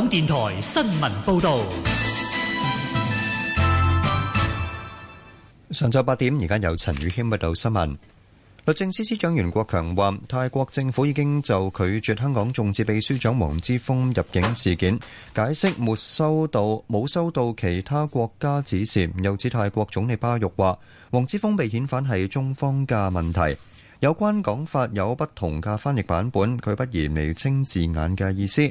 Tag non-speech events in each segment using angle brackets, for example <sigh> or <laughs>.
港電台新聞報道，上晝八點，而家由陳宇謙報道新聞。律政司司長袁國強話，泰國政府已經就拒絕香港眾志秘書長黃之鋒入境事件解釋，冇收到冇收到其他國家指示。又指泰國總理巴育話，黃之鋒被遣返係中方嘅問題。有關講法有不同嘅翻譯版本，佢不嫌釐清字眼嘅意思。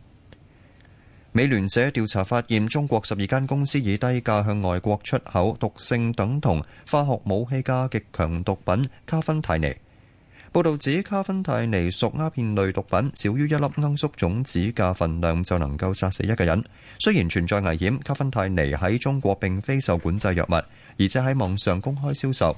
美聯社調查發現，中國十二間公司以低價向外國出口毒性等同化學武器嘅極強毒品卡芬泰尼。報道指，卡芬泰尼屬鴉片類毒品，少於一粒罌粟種子嘅份量就能夠殺死一個人。雖然存在危險，卡芬泰尼喺中國并非受管制藥物，而且喺網上公開銷售。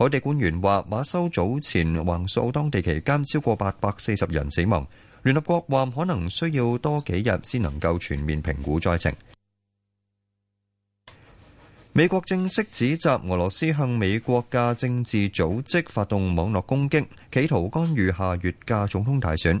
海地官員話，馬修早前橫掃當地期間，超過八百四十人死亡。聯合國話，可能需要多幾日先能夠全面評估災情。美國正式指責俄羅斯向美國嘅政治組織發動網絡攻擊，企圖干預下月嘅總統大選。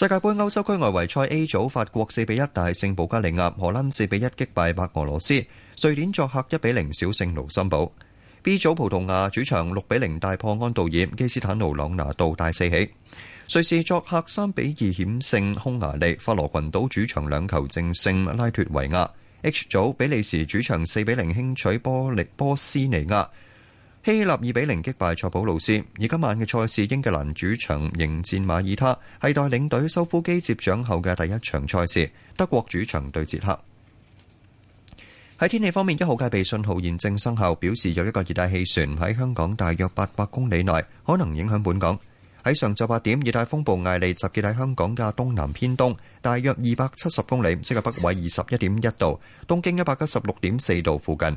世界杯歐洲區外圍賽 A 組，法國四比一大勝保加利亞，荷蘭四比一擊敗白俄羅斯，瑞典作客一比零小勝盧森堡。B 組葡萄牙主場六比零大破安道爾，基斯坦奴朗拿度大四起。瑞士作客三比二險勝匈牙利，法羅群島主場兩球正勝拉脱維亞。H 組比利時主場四比零輕取波力波斯尼亞。希臘二比零擊敗塞浦路斯，而今晚嘅賽事，英格蘭主場迎戰馬爾他，係代領隊修夫基接掌後嘅第一場賽事。德國主場對捷克。喺天氣方面，一號戒備信號現正生效，表示有一個熱帶氣旋喺香港大約八百公里內，可能影響本港。喺上晝八點，熱帶風暴艾利集結喺香港嘅東南偏東，大約二百七十公里，即係北緯二十一點一度，東經一百一十六點四度附近。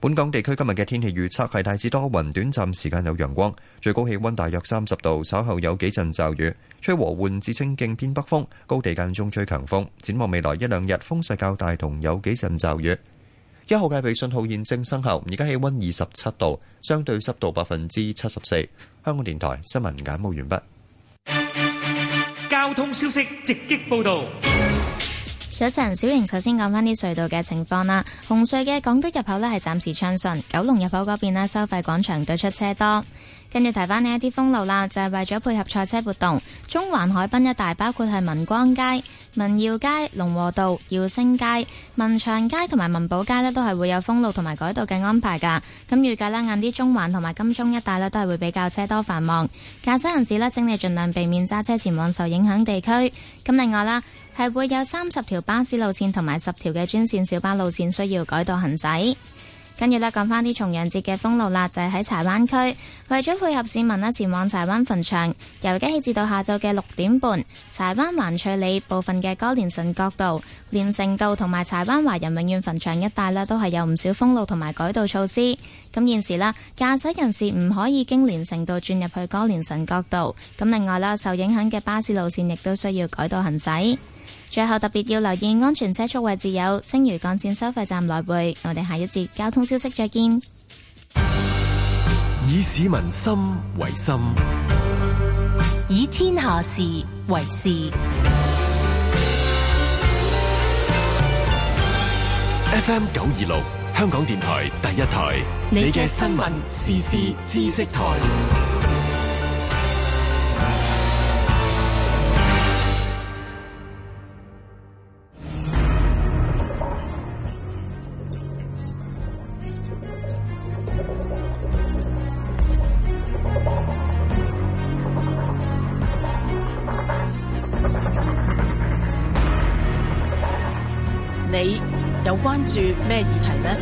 本港地區今日嘅天氣預測係大致多雲，雲短暫時間有陽光，最高氣溫大約三十度，稍後有幾陣驟雨，吹和緩至清勁偏北風，高地間中吹強風。展望未來一兩日，風勢較大同有幾陣驟雨。一號戒備信號現正生效，而家氣溫二十七度，相對濕度百分之七十四。香港電台新聞簡報完畢。交通消息直擊報道。早晨，小瑩首先講翻啲隧道嘅情況啦。紅隧嘅港島入口呢係暫時暢順，九龍入口嗰邊咧收費廣場對出車多。跟住提翻呢一啲封路啦，就係為咗配合賽車活動，中環海濱一帶包括係民光街、民耀街、龍和道、耀星街、民祥街同埋民寶街呢都係會有封路同埋改道嘅安排噶。咁預計啦，晏啲中環同埋金鐘一帶呢都係會比較車多繁忙。駕駛人士呢，請你盡量避免揸車前往受影響地區。咁另外啦。係會有三十條巴士路線同埋十條嘅專線小巴路線需要改道行駛。跟住呢，講翻啲重陽節嘅封路啦，就係喺柴灣區，為咗配合市民呢前往柴灣墳場，由今起至到下晝嘅六點半，柴灣環翠里部分嘅歌連臣角道、連城道同埋柴灣華人永遠墳場一帶呢都係有唔少封路同埋改道措施。咁現時啦，駕駛人士唔可以經連城道轉入去歌連臣角道。咁另外啦，受影響嘅巴士路線亦都需要改道行駛。最後特別要留意安全車速位置，有青嶼幹線收費站來回。我哋下一節交通消息再見。以市民心為心，以天下事為事。FM 九二六香港電台第一台， <music> 你嘅新聞時事知識台。講咩議題呢？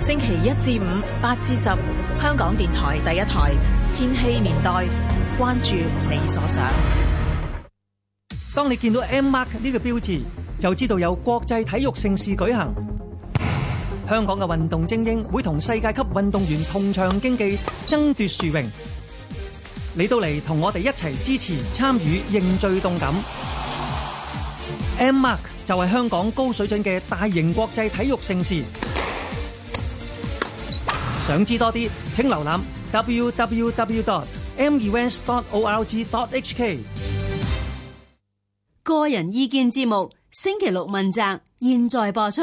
星期一至五八至十，香港電台第一台《千禧年代》，關注你所想。當你見到 M Mark 呢個標誌，就知道有國際體育盛事舉行。香港嘅運動精英會同世界級運動員同場競技，爭奪殊榮。你到嚟同我哋一齊支持、參與，認住動感。M Mark 就係香港高水準嘅大型國際體育盛事。 <noise> 想知多啲？請瀏覽 www.mevents.org.hk。個人意見節目，星期六問責，現在播出。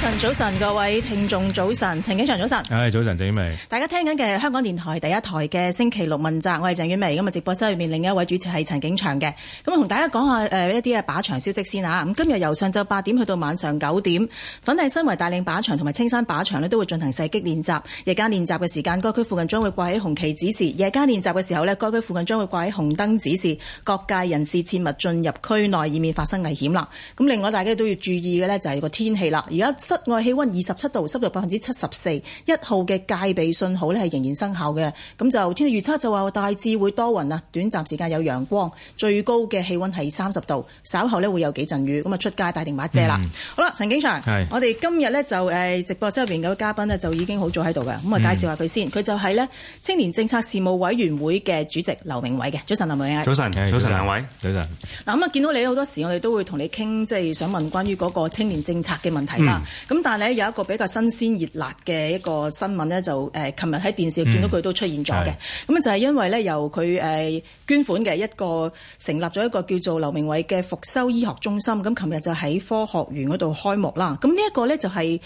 早晨，早晨，各位聽眾早晨，陳景祥早晨，誒，早晨，鄭宇薇，大家聽緊嘅香港電台第一台嘅星期六問責，我係鄭宇薇咁啊，直播室入面另一位主持係陳景祥嘅，咁啊，同大家講下誒、呃、一啲嘅靶場消息先吓、啊，咁今日由上晝八點去到晚上九點，粉嶺新圍大嶺靶場同埋青山靶場咧都會進行射擊練習，夜間練習嘅時間，該區附近將會掛起紅旗指示，夜間練習嘅時候咧，該區附近將會掛起紅燈指示，各界人士切勿進入區內，以免發生危險啦。咁另外大家都要注意嘅咧就係個天氣啦，而家。室外氣温二十七度，濕度百分之七十四，一號嘅戒備信號咧係仍然生效嘅。咁就天氣預測就話大致會多雲啊，短暫時間有陽光，最高嘅氣温係三十度，稍後咧會有幾陣雨。咁啊出街帶定把遮啦。好啦，陳景祥，我哋今日呢，就誒直播室入邊嘅嘉賓呢，就已經好早喺度嘅，咁啊介紹下佢先。佢就係呢青年政策事務委員會嘅主席劉鳴煒嘅。早晨，劉鳴煒。早晨，早晨，兩位，早晨。嗱咁啊，見到你好多時，我哋都會同你傾，即係想問關於嗰個青年政策嘅問題啦。咁但係咧有一個比較新鮮熱辣嘅一個新聞咧，就誒琴日喺電視見到佢都出現咗嘅，咁啊、嗯、就係因為咧由佢誒、呃、捐款嘅一個成立咗一個叫做劉鳴煒嘅復修醫學中心，咁琴日就喺科學園嗰度開幕啦，咁呢一個咧就係、是。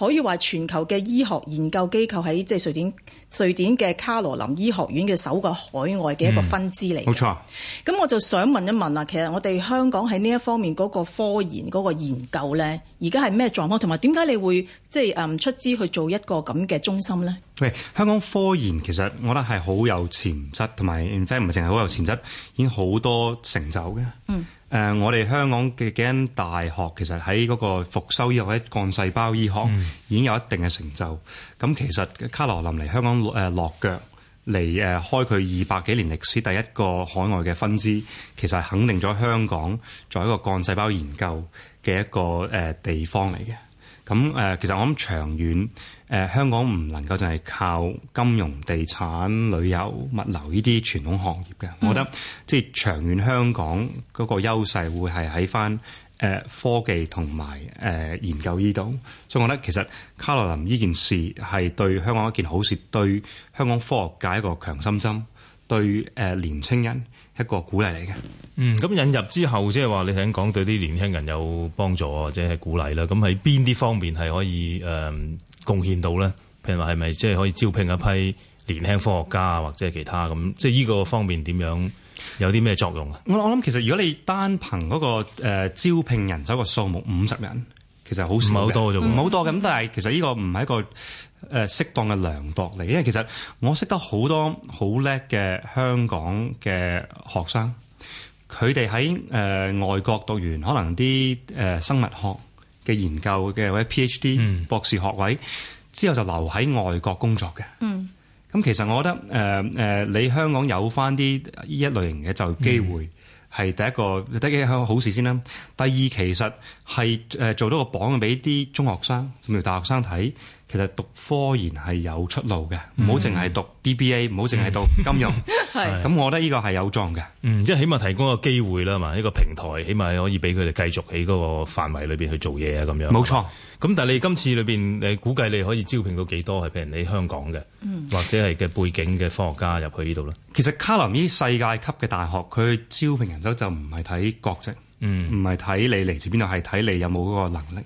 可以話全球嘅醫學研究機構喺即係瑞典，瑞典嘅卡羅林醫學院嘅首個海外嘅一個分支嚟。冇、嗯、錯。咁我就想問一問啦，其實我哋香港喺呢一方面嗰個科研嗰個研究咧，而家係咩狀況？同埋點解你會即係誒、嗯、出資去做一個咁嘅中心咧？喂，香港科研其實我覺得係好有潛質，同埋唔淨係好有潛質，已經好多成就嘅。嗯。誒、呃，我哋香港嘅幾間大學其實喺嗰個復修醫學、幹細胞醫學已經有一定嘅成就。咁、嗯、其實卡羅琳嚟香港誒、呃、落腳嚟誒、呃、開佢二百幾年歷史第一個海外嘅分支，其實係肯定咗香港做一個幹細胞研究嘅一個誒、呃、地方嚟嘅。咁誒，其實我諗，長遠誒香港唔能夠就係靠金融、地產、旅遊、物流呢啲傳統行業嘅。嗯、我覺得即係長遠香港嗰個優勢會係喺翻誒科技同埋誒研究呢度。所以我覺得其實卡羅琳呢件事係對香港一件好事，對香港科學界一個強心針，對誒、呃、年青人一個鼓勵嚟嘅。嗯，咁引入之後，即係話你頭先講對啲年輕人有幫助或者係鼓勵啦。咁喺邊啲方面係可以誒、呃、貢獻到咧？譬如話係咪即係可以招聘一批年輕科學家或者係其他咁？即係呢個方面點樣有啲咩作用啊？我我諗其實如果你單憑嗰、那個、呃、招聘人手嘅數目五十人，其實好少，唔好多啫喎，唔好多咁，但係其實呢個唔係一個誒適當嘅量度嚟，因為其實我識得好多好叻嘅香港嘅學生。佢哋喺誒外國讀完可能啲誒、呃、生物學嘅研究嘅或者 PhD、嗯、博士學位之後就留喺外國工作嘅。咁、嗯、其實我覺得誒誒、呃呃，你香港有翻啲呢一類型嘅就業機會係、嗯、第一個，第一個好事先啦。第二其實係誒做到個榜俾啲中學生甚至大學生睇。其實讀科研係有出路嘅，唔好淨係讀 BBA，唔好淨係讀金融。係、嗯，咁 <laughs> 是我覺得呢個係有狀嘅，嗯，即係起碼提供個機會啦嘛，一個平台，起碼可以俾佢哋繼續喺嗰個範圍裏邊去做嘢啊，咁樣。冇錯錯，咁但係你今次裏邊，你估計你可以招聘到幾多係譬如你香港嘅，嗯、或者係嘅背景嘅科學家入去呢度咧？其實卡林呢世界級嘅大學，佢招聘人手就唔係睇國籍，嗯，唔係睇你嚟自邊度，係睇你有冇嗰個能力。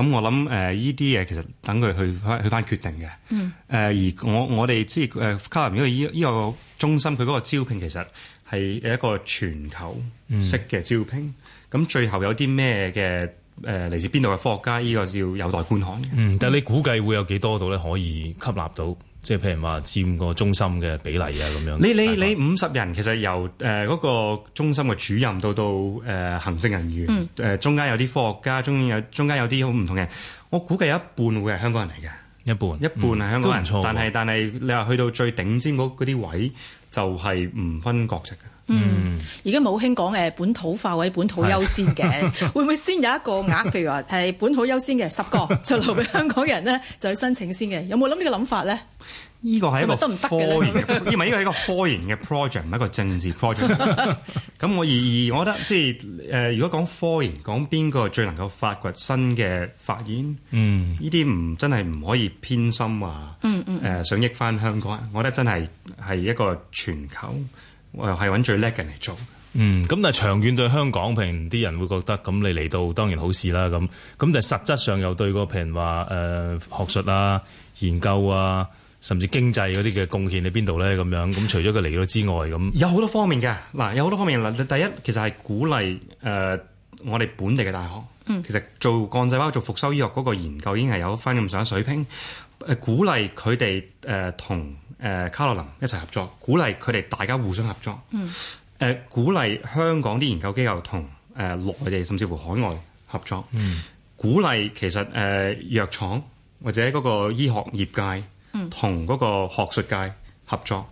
咁我諗誒，依啲嘢其實等佢去翻去翻決定嘅。誒、嗯呃，而我我哋知誒，卡林依個中心，佢嗰個招聘其實係一個全球式嘅招聘。咁、嗯、最後有啲咩嘅誒嚟自邊度嘅科學家？依、這個要有待觀看。嗯，但你估計會有幾多度咧可以吸納到？即係譬如話佔個中心嘅比例啊咁樣。你你你五十人其實由誒、呃那個中心嘅主任到到誒、呃、行政人員，誒、嗯呃、中間有啲科學家，中間有中間有啲好唔同嘅。我估計有一半會係香港人嚟嘅，一半一半係香港人。嗯嗯、錯但，但係但係你話去到最頂尖嗰嗰啲位就係、是、唔分國籍嘅。嗯，而家冇興講誒本土化或者本土優先嘅。是的 會唔會先有一個額？譬如話係本土優先嘅十個，就留俾香港人咧，就去申請先嘅。有冇諗呢個諗法咧？呢個係一個都唔得嘅，因為呢個係一個科研嘅 project，唔係一個政治 project。咁 <laughs> 我而而我覺得，即係誒、呃，如果講科研，講邊個最能夠發掘新嘅發現？嗯，呢啲唔真係唔可以偏心話，嗯嗯，誒，想益翻香港，嗯嗯、我覺得真係係一個全球。又係揾最叻嘅人嚟做。嗯，咁但係長遠對香港平啲人會覺得咁你嚟到當然好事啦。咁咁但係實質上又對個譬如話誒學術啊、研究啊，甚至經濟嗰啲嘅貢獻喺邊度咧？咁樣咁除咗佢嚟到之外，咁有好多方面嘅嗱，有好多方面。第一，其實係鼓勵誒、呃、我哋本地嘅大學。其實做幹細胞做復修醫學嗰個研究已經係有翻咁上下水平，誒、呃、鼓勵佢哋誒同誒卡洛琳一齊合作，鼓勵佢哋大家互相合作，誒、呃、鼓勵香港啲研究機構同誒內地甚至乎海外合作，嗯、鼓勵其實誒、呃、藥廠或者嗰個醫學業界同嗰個學術界合作。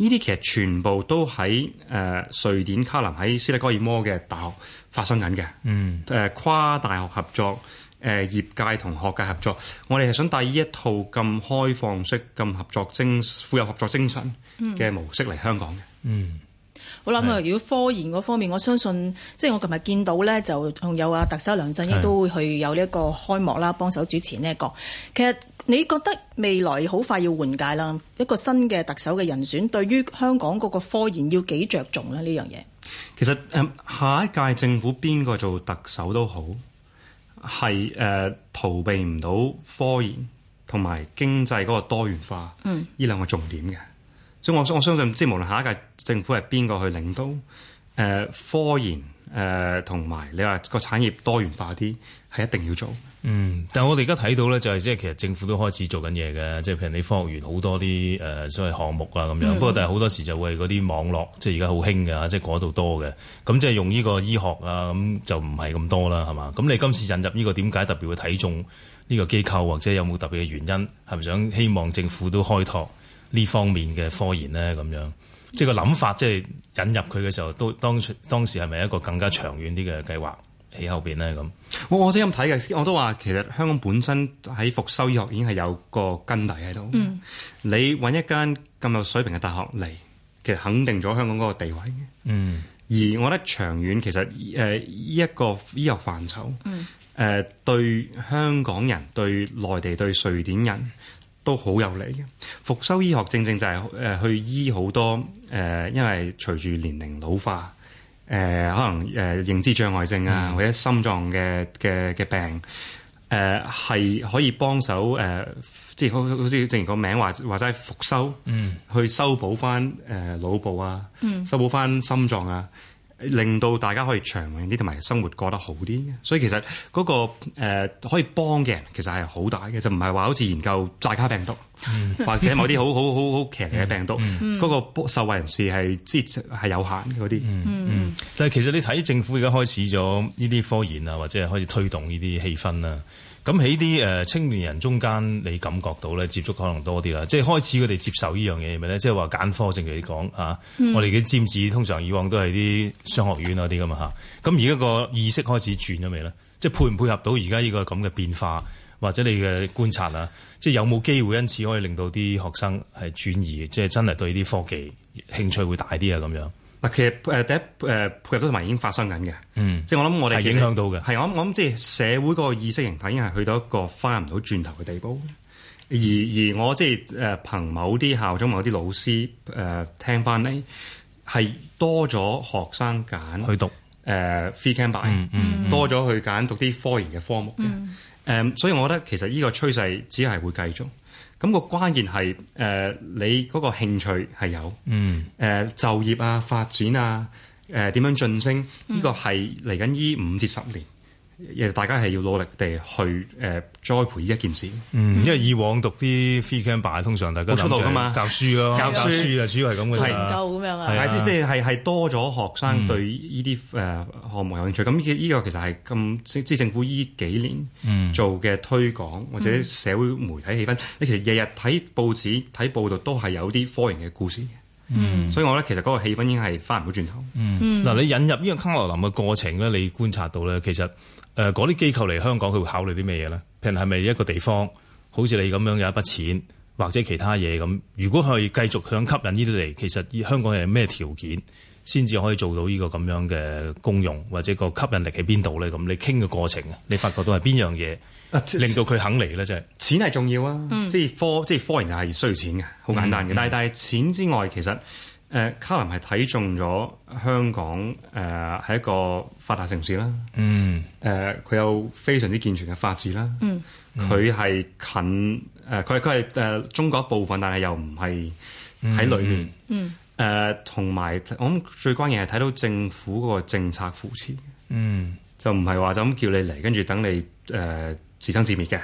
呢啲其實全部都喺誒、呃、瑞典卡林喺斯德哥爾摩嘅大學發生緊嘅，誒、嗯呃、跨大學合作，誒、呃、業界同學界合作，我哋係想帶呢一套咁開放式、咁合作精、富有合作精神嘅模式嚟香港嘅、嗯嗯。嗯，好啦是，咁啊，如果科研嗰方面，我相信即係我琴日見到咧，就仲有啊特首梁振英都會去有呢一個開幕啦，是幫手主持呢、這、一個。其實你覺得未來好快要換屆啦，一個新嘅特首嘅人選對於香港嗰個科研要幾着重呢？呢樣嘢其實誒下一屆政府邊個做特首都好，係誒、呃、逃避唔到科研同埋經濟嗰個多元化。嗯，呢兩個重點嘅，所以我我相信即係無論下一屆政府係邊個去領導誒、呃、科研誒同埋你話個產業多元化啲係一定要做。嗯，但係我哋而家睇到咧，就係即係其實政府都開始做緊嘢嘅，即係譬如你科學園好多啲誒所謂項目啊咁樣。嗯、不過但係好多時就會嗰啲網絡，即係而家好興噶，即係嗰度多嘅。咁即係用呢個醫學啊，咁就唔係咁多啦，係嘛？咁你今次引入呢個點解特別會睇中呢個機構或者有冇特別嘅原因？係咪想希望政府都開拓呢方面嘅科研咧？咁樣即係個諗法，即係引入佢嘅時候，都當當時係咪一個更加長遠啲嘅計劃？喺後邊咧咁，我我先咁睇嘅，我都話其實香港本身喺復修醫學已經係有個根底喺度。嗯，你搵一間咁有水平嘅大學嚟，其實肯定咗香港嗰個地位嘅。嗯，而我覺得長遠其實誒依、呃、一個醫學範疇，嗯、呃，誒對香港人、對內地、對瑞典人都好有利嘅。復修醫學正正就係、是、誒、呃、去醫好多誒、呃，因為隨住年齡老化。誒、呃、可能誒、呃、認知障礙症啊，嗯、或者心臟嘅嘅嘅病，誒、呃、係可以幫手誒，即係好好似正如個名話齋復修，嗯，去修補翻誒腦部啊，嗯，修補翻心臟啊。嗯令到大家可以長遠啲，同埋生活過得好啲。所以其實嗰、那個、呃、可以幫嘅人，其實係好大嘅，就唔係話好似研究寨卡病毒，嗯、或者某啲好好好好奇嘅病毒，嗰、嗯、個受惠人士係即係有限嗰啲、嗯。嗯嗯，但係其實你睇政府而家開始咗呢啲科研啊，或者係開始推動呢啲氣氛啊。咁喺啲誒青年人中間，你感覺到咧接觸可能多啲啦，即係開始佢哋接受呢樣嘢係咪咧？即係話揀科正如你講啊，嗯、我哋嘅尖子通常以往都係啲商學院嗰啲㗎嘛吓，咁而家個意識開始轉咗未咧？即係配唔配合到而家呢個咁嘅變化，或者你嘅觀察啊，即係有冇機會因此可以令到啲學生係轉移，即係真係對啲科技興趣會大啲啊咁樣？嗱，其實誒第一誒普及嗰啲問題已經發生緊嘅，嗯，即係我諗我哋係影響到嘅，係我諗我諗即係社會嗰個意識形態已經係去到一個翻唔到轉頭嘅地步，而而我即係誒、呃、憑某啲校長、某啲老師誒、呃、聽翻呢係多咗學生揀去讀誒 free camp 多咗去揀讀啲科研嘅科目嘅，誒、嗯嗯，所以我覺得其實呢個趨勢只係會繼續。咁個關鍵係，誒、呃、你嗰個興趣係有，誒、嗯呃、就業啊、發展啊、誒、呃、點樣晉升，呢、這個係嚟緊呢五至十年。其實大家係要努力地去誒栽培呢一件事，因為以往讀啲 free camp 通常大家冇出路噶嘛，教書咯，教書啊，主要係咁嘅啦，係咁樣啊，係即係係係多咗學生對呢啲誒項目有興趣。咁呢個其實係咁政府依幾年做嘅推廣或者社會媒體氣氛。你其實日日睇報紙睇報道都係有啲科研嘅故事。嗯，所以我覺得其實嗰個氣氛已經係翻唔到轉頭。嗱，你引入呢個康樂林嘅過程咧，你觀察到咧，其實。誒嗰啲機構嚟香港，佢會考慮啲咩嘢咧？譬如係咪一個地方，好似你咁樣有一筆錢或者其他嘢咁？如果佢繼續想吸引呢啲嚟，其實香港係咩條件先至可以做到呢個咁樣嘅功用或者個吸引力喺邊度咧？咁你傾嘅過程，你發覺都係邊樣嘢、啊、令到佢肯嚟咧？即係錢係、就是、重要啊，嗯、即係科即係科研又係需要錢嘅，好簡單嘅、嗯。但係但係錢之外，其實。誒，卡林係睇中咗香港誒，係、uh, 一個發達城市啦。嗯。誒，佢有非常之健全嘅法治啦。嗯。佢係近誒，佢佢係誒中國一部分，但係又唔係喺裏面嗯。嗯。誒、uh,，同埋我諗最關鍵係睇到政府嗰個政策扶持。嗯。就唔係話就咁叫你嚟，跟住等你誒、uh, 自生自滅嘅，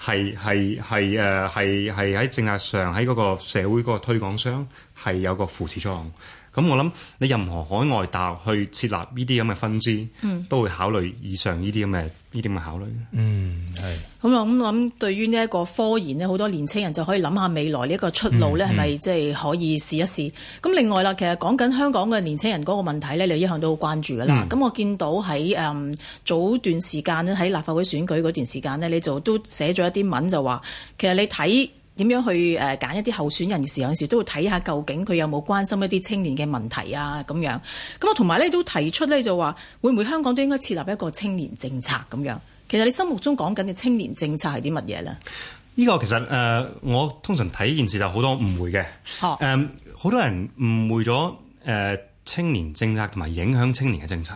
係係係誒係係喺政策上喺嗰個社會嗰個推廣商。係有個扶持作用，咁我諗你任何海外大學去設立呢啲咁嘅分支，嗯、都會考慮以上呢啲咁嘅呢啲咁嘅考慮嗯嗯。嗯，係。咁我諗諗對於呢一個科研咧，好多年青人就可以諗下未來呢一個出路咧，係咪即係可以試一試？咁、嗯、另外啦，其實講緊香港嘅年青人嗰個問題咧，你一向都好關注㗎啦。咁、嗯、我見到喺誒、嗯、早段時間咧，喺立法會選舉嗰段時間咧，你就都寫咗一啲文就話，其實你睇。點樣去誒揀一啲候選人時，有時都會睇下究竟佢有冇關心一啲青年嘅問題啊咁樣。咁我同埋咧都提出咧就話，會唔會香港都應該設立一個青年政策咁樣？其實你心目中講緊嘅青年政策係啲乜嘢咧？呢個其實誒、呃，我通常睇件事就好多誤會嘅。誒、啊，好、呃、多人誤會咗誒、呃、青年政策同埋影響青年嘅政策。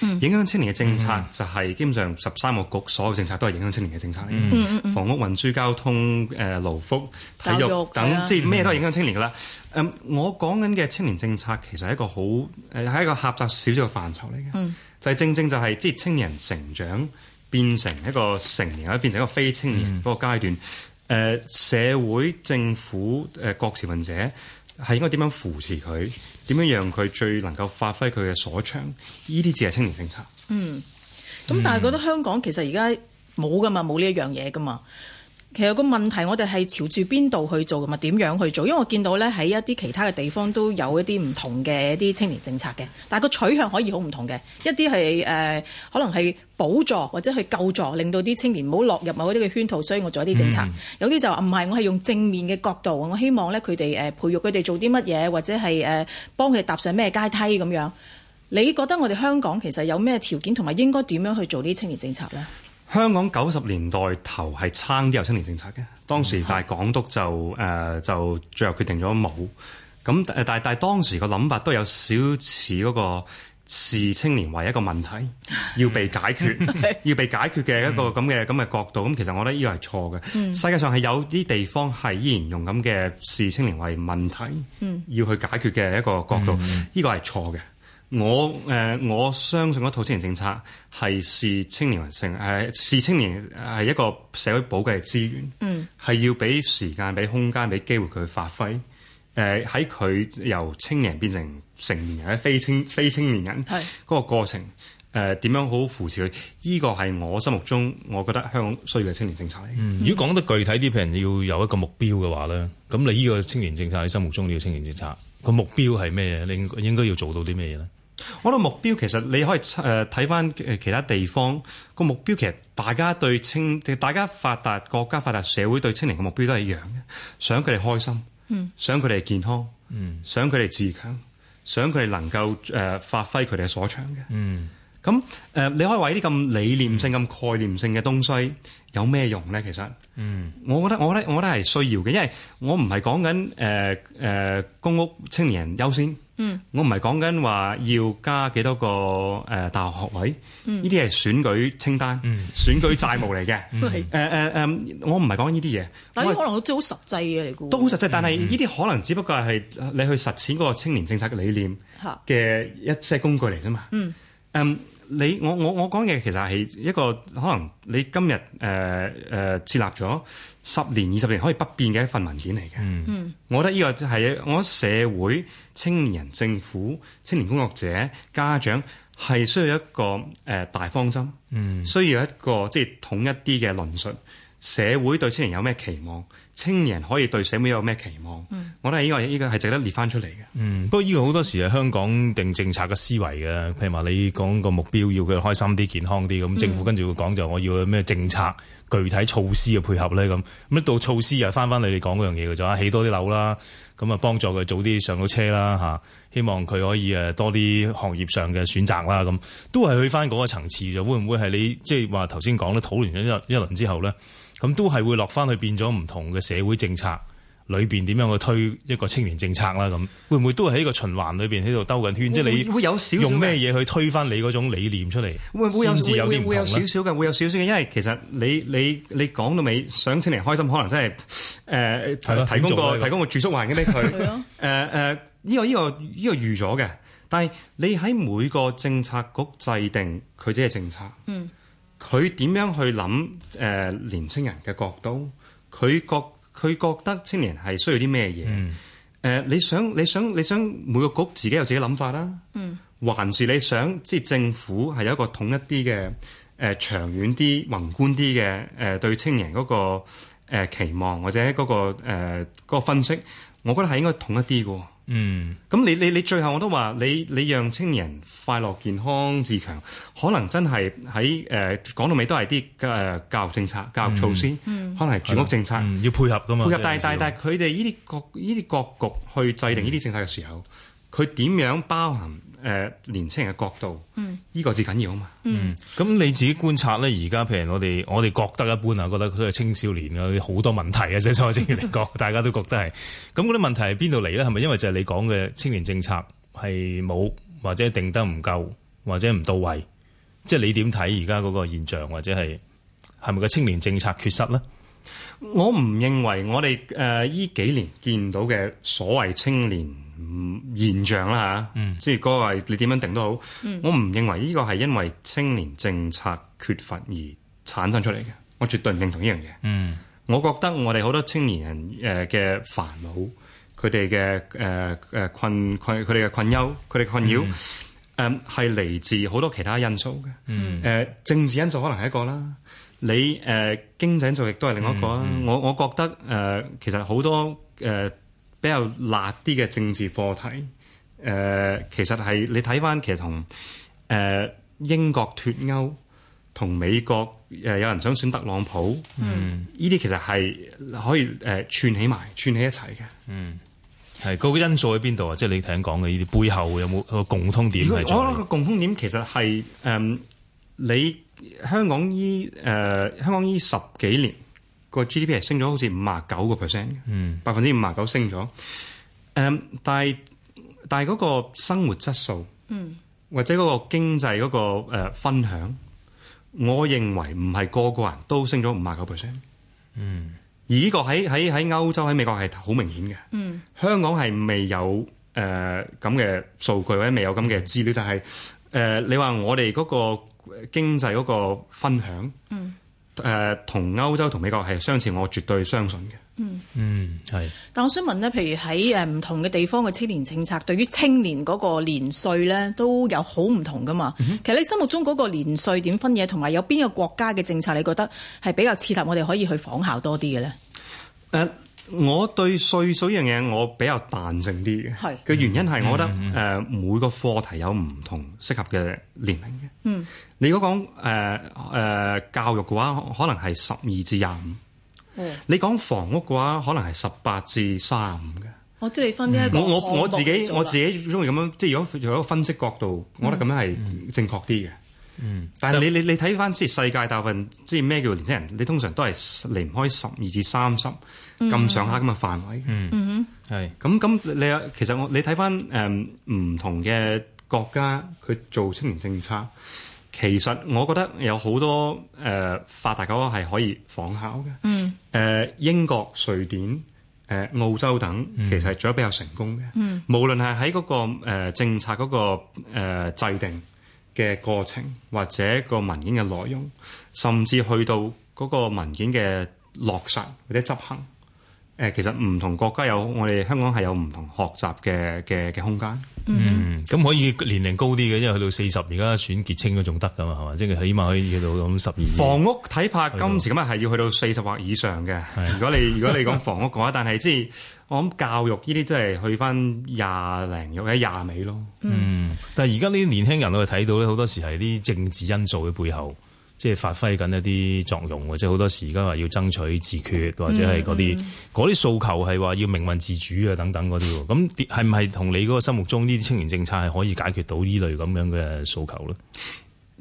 影響青年嘅政策就係基本上十三個局所有政策都係影響青年嘅政策，嗯，嚟房屋、運輸、交通、誒、呃、勞福、體育、育等，即係咩都係影響青年噶啦。誒、嗯嗯，我講緊嘅青年政策其實係一個好誒，係一個狹窄少少嘅範疇嚟嘅，嗯、就係正正就係即係青年成長變成一個成年或者變成一個非青年嗰個階段，誒、嗯嗯嗯、社會、政府、誒各持份者。係應該點樣扶持佢？點樣讓佢最能夠發揮佢嘅所長？呢啲只係青年政策。嗯，咁但係覺得香港其實而家冇噶嘛，冇呢一樣嘢噶嘛。其實個問題，我哋係朝住邊度去做嘅嘛？點樣去做？因為我見到咧喺一啲其他嘅地方都有一啲唔同嘅一啲青年政策嘅，但係個取向可以好唔同嘅。一啲係誒，可能係補助或者去救助，令到啲青年唔好落入某啲嘅圈套，所以我做一啲政策。嗯、有啲就話唔係，我係用正面嘅角度，我希望咧佢哋誒培育佢哋做啲乜嘢，或者係誒幫佢哋踏上咩階梯咁樣。你覺得我哋香港其實有咩條件同埋應該點樣去做啲青年政策咧？香港九十年代頭係撐啲有青年政策嘅，當時但係港督就誒、呃、就最後決定咗冇。咁誒但係但係當時個諗法都有少似個視青年為一個問題要被解決 <laughs> 要被解決嘅一個咁嘅咁嘅角度。咁其實我覺得呢個係錯嘅。世界上係有啲地方係依然用咁嘅視青年為問題，要去解決嘅一個角度，呢個係錯嘅。我誒我相信個套青年政策係是視青年成係是視青年係一個社會寶貴嘅資源，係、嗯、要俾時間、俾空間、俾機會佢去發揮。喺、呃、佢由青年人變成成年人嘅非青非青年人，係嗰個過程誒點是、呃、樣好好扶持佢？呢個係我心目中，我覺得香港需要嘅青年政策、嗯。如果講得具體啲，譬如你要有一個目標嘅話咧，咁你呢個青年政策喺心目中，呢個青年政策、嗰個目標係咩？你應該要做到啲咩嘢咧？我諗目標其實你可以誒睇翻、誒其他地方個目標，其實大家對青，大家發達國家發達社會對青年嘅目標都係一樣嘅，想佢哋開心，嗯，想佢哋健康，嗯，想佢哋自強，想佢哋能夠誒發揮佢哋嘅所長嘅，嗯。咁誒，你可以話啲咁理念性、咁、嗯、概念性嘅東西有咩用咧？其實，嗯，我覺得，我覺得，我覺得係需要嘅，因為我唔係講緊誒誒公屋青年人優先。嗯，我唔係講緊話要加幾多個誒大學學位，呢啲係選舉清單、嗯、選舉債務嚟嘅。誒誒誒，我唔係講呢啲嘢，但係呢可能好似好實際嘅嚟嘅。都好實際，嗯、但係呢啲可能只不過係你去實踐嗰個青年政策嘅理念嘅一些工具嚟啫嘛。嗯。Um, 你我我我講嘅其實係一個可能你今日誒誒設立咗十年二十年可以不變嘅一份文件嚟嘅。嗯，我，我覺得依個係我覺得社會青年人、政府、青年工作者、家長係需要一個誒、呃、大方針，嗯，需要一個即係、就是、統一啲嘅論述。社會對青年有咩期望？青年可以對社會有咩期望？我覺得呢個依個係值得列翻出嚟嘅、嗯。不過依個好多時係香港定政策嘅思維嘅，譬如話你講個目標要佢開心啲、健康啲咁，政府跟住會講就我要咩政策、具體措施嘅配合咧咁。咁一到措施又翻翻你哋講嗰樣嘢嘅就話起多啲樓啦。咁啊，幫助佢早啲上到車啦吓，希望佢可以誒多啲行業上嘅選擇啦，咁都係去翻嗰個層次啫。會唔會係你即係話頭先講咧？討論咗一輪之後咧，咁都係會落翻去變咗唔同嘅社會政策。裏邊點樣去推，推一個青年政策啦？咁會唔會都係喺個循環裏邊喺度兜緊圈？會有即係你用咩嘢去推返你嗰種理念出嚟？會唔有會先至有啲唔同咧？會有少少嘅，會有少少嘅，因為其實你你你講到尾，想青年開心，可能真係誒、呃，提供個對提供個、啊、住宿環境俾佢。誒誒、這個，呢、 <laughs> 呃這個呢、這個呢、這個預咗嘅。但係你喺每個政策局制定佢自己嘅政策。佢點、嗯、樣去諗誒、呃，年輕人嘅角度，佢覺。佢覺得青年係需要啲咩嘢？誒、嗯呃，你想你想你想每個局自己有自己諗法啦、啊。嗯、還是你想即係、就是、政府係有一個統一啲嘅誒長遠啲宏觀啲嘅誒對青年嗰、那個、呃、期望或者嗰、那個誒、呃那個、分析，我覺得係應該統一啲嘅。嗯，咁你你你最後我都話你你讓青年人快樂、健康、自強，可能真係喺誒講到尾都係啲嘅教育政策、教育措施，嗯嗯、可能係住屋政策、嗯嗯、要配合噶嘛，配合但係但係但係佢哋呢啲各呢啲各局去制定呢啲政策嘅時候。嗯佢點樣包含誒年青人嘅角度？嗯，呢個至緊要啊嘛！嗯，咁你自己觀察咧，而家譬如我哋，我哋覺得一般啊，我覺得佢都係青少年啊，好多問題啊，即所謂青年嚟講， <laughs> 大家都覺得係。咁嗰啲問題係邊度嚟咧？係咪因為就係你講嘅青年政策係冇或者定得唔夠或者唔到位？即係你點睇而家嗰個現象或者係係咪個青年政策缺失咧？我唔認為我哋誒呢幾年見到嘅所謂青年。啊、嗯，現象啦嚇，即係嗰個係你點樣定都好，嗯、我唔認為呢個係因為青年政策缺乏而產生出嚟嘅，我絕對唔認同依樣嘢。嗯，我覺得我哋好多青年人誒嘅煩惱，佢哋嘅誒誒困困佢哋嘅困憂，佢哋嘅困擾誒係嚟自好多其他因素嘅。嗯，誒政治因素可能係一個啦，你誒經濟因素亦都係另一個啦。我我覺得誒其實好多誒。呃呃比較辣啲嘅政治課題，誒、呃、其實係你睇返其實同誒、呃、英國脱歐同美國誒、呃、有人想選特朗普，嗯，呢啲其實係可以誒、呃、串起埋串起一齊嘅，嗯，係、那個因素喺邊度啊？即、就、係、是、你頭先講嘅呢啲背後有冇個共通點？我我諗個共通點其實係誒、呃、你香港依誒、呃、香港依十幾年。個 GDP 係升咗好似五十九個 percent，百分之五十九升咗。誒，但係但係嗰個生活質素，或者嗰個經濟嗰個誒分享，我認為唔係個個人都升咗五十九 percent。嗯，而呢個喺喺喺歐洲喺美國係好明顯嘅。嗯，香港係未有誒咁嘅數據或者未有咁嘅資料，但係誒你話我哋嗰個經濟嗰個分享，嗯。誒同、呃、歐洲同美國係相似，我絕對相信嘅。嗯嗯，係、嗯。但我想問呢，譬如喺誒唔同嘅地方嘅青年政策，對於青年嗰個年歲呢都有好唔同㗎嘛？嗯、哼其實你心目中嗰個年歲點分嘢，同埋有邊個國家嘅政策，你覺得係比較切合我哋可以去仿效多啲嘅呢？誒。Uh, 我對歲數呢樣嘢我比較彈性啲嘅，嘅是原因係我覺得誒每個課題有唔同適合嘅年齡嘅。嗯，你如果講誒誒教育嘅話，可能係十二至廿五。嗯、你講房屋嘅話，可能係十八至卅五嘅。我即係分呢一個。我我我自己我自己中意咁樣，即係如果有一個分析角度，嗯、我覺得咁樣係正確啲嘅。嗯，但係你你你睇翻即係世界大部分，即係咩叫年輕人？你通常都係離唔開十二至三十咁上下咁嘅範圍。嗯，係咁咁，你其實我你睇翻誒唔同嘅國家佢做青年政策，其實我覺得有好多誒、呃、發達國家係可以仿效嘅。誒、嗯呃、英國、瑞典、誒、呃、澳洲等，其實做得比較成功嘅。嗯，嗯無論係喺嗰個誒、呃、政策嗰個誒制定。嘅過程，或者個文件嘅內容，甚至去到嗰個文件嘅落實或者執行。誒，其實唔同國家有，我哋香港係有唔同學習嘅嘅嘅空間。Mm hmm. 嗯，咁可以年齡高啲嘅，因為去到四十而家選結清都仲得㗎嘛，係嘛？即係起碼可以去到咁十二。嗯、12，房屋睇怕今時咁樣，係要去到四十或以上嘅的。如果你如果你講房屋嘅話， <laughs> 但係即係我諗教育呢啲真係去返廿零或者廿尾咯。Mm hmm. 嗯，但係而家呢啲年輕人我哋睇到咧，好多時係啲政治因素嘅背後。即係發揮緊一啲作用嘅，即係好多時而家話要爭取自決，或者係嗰啲嗰啲訴求係話要命運自主啊等等嗰啲。咁係唔係同你嗰個心目中呢啲青年政策係可以解決到這類這呢類咁樣嘅訴求咧？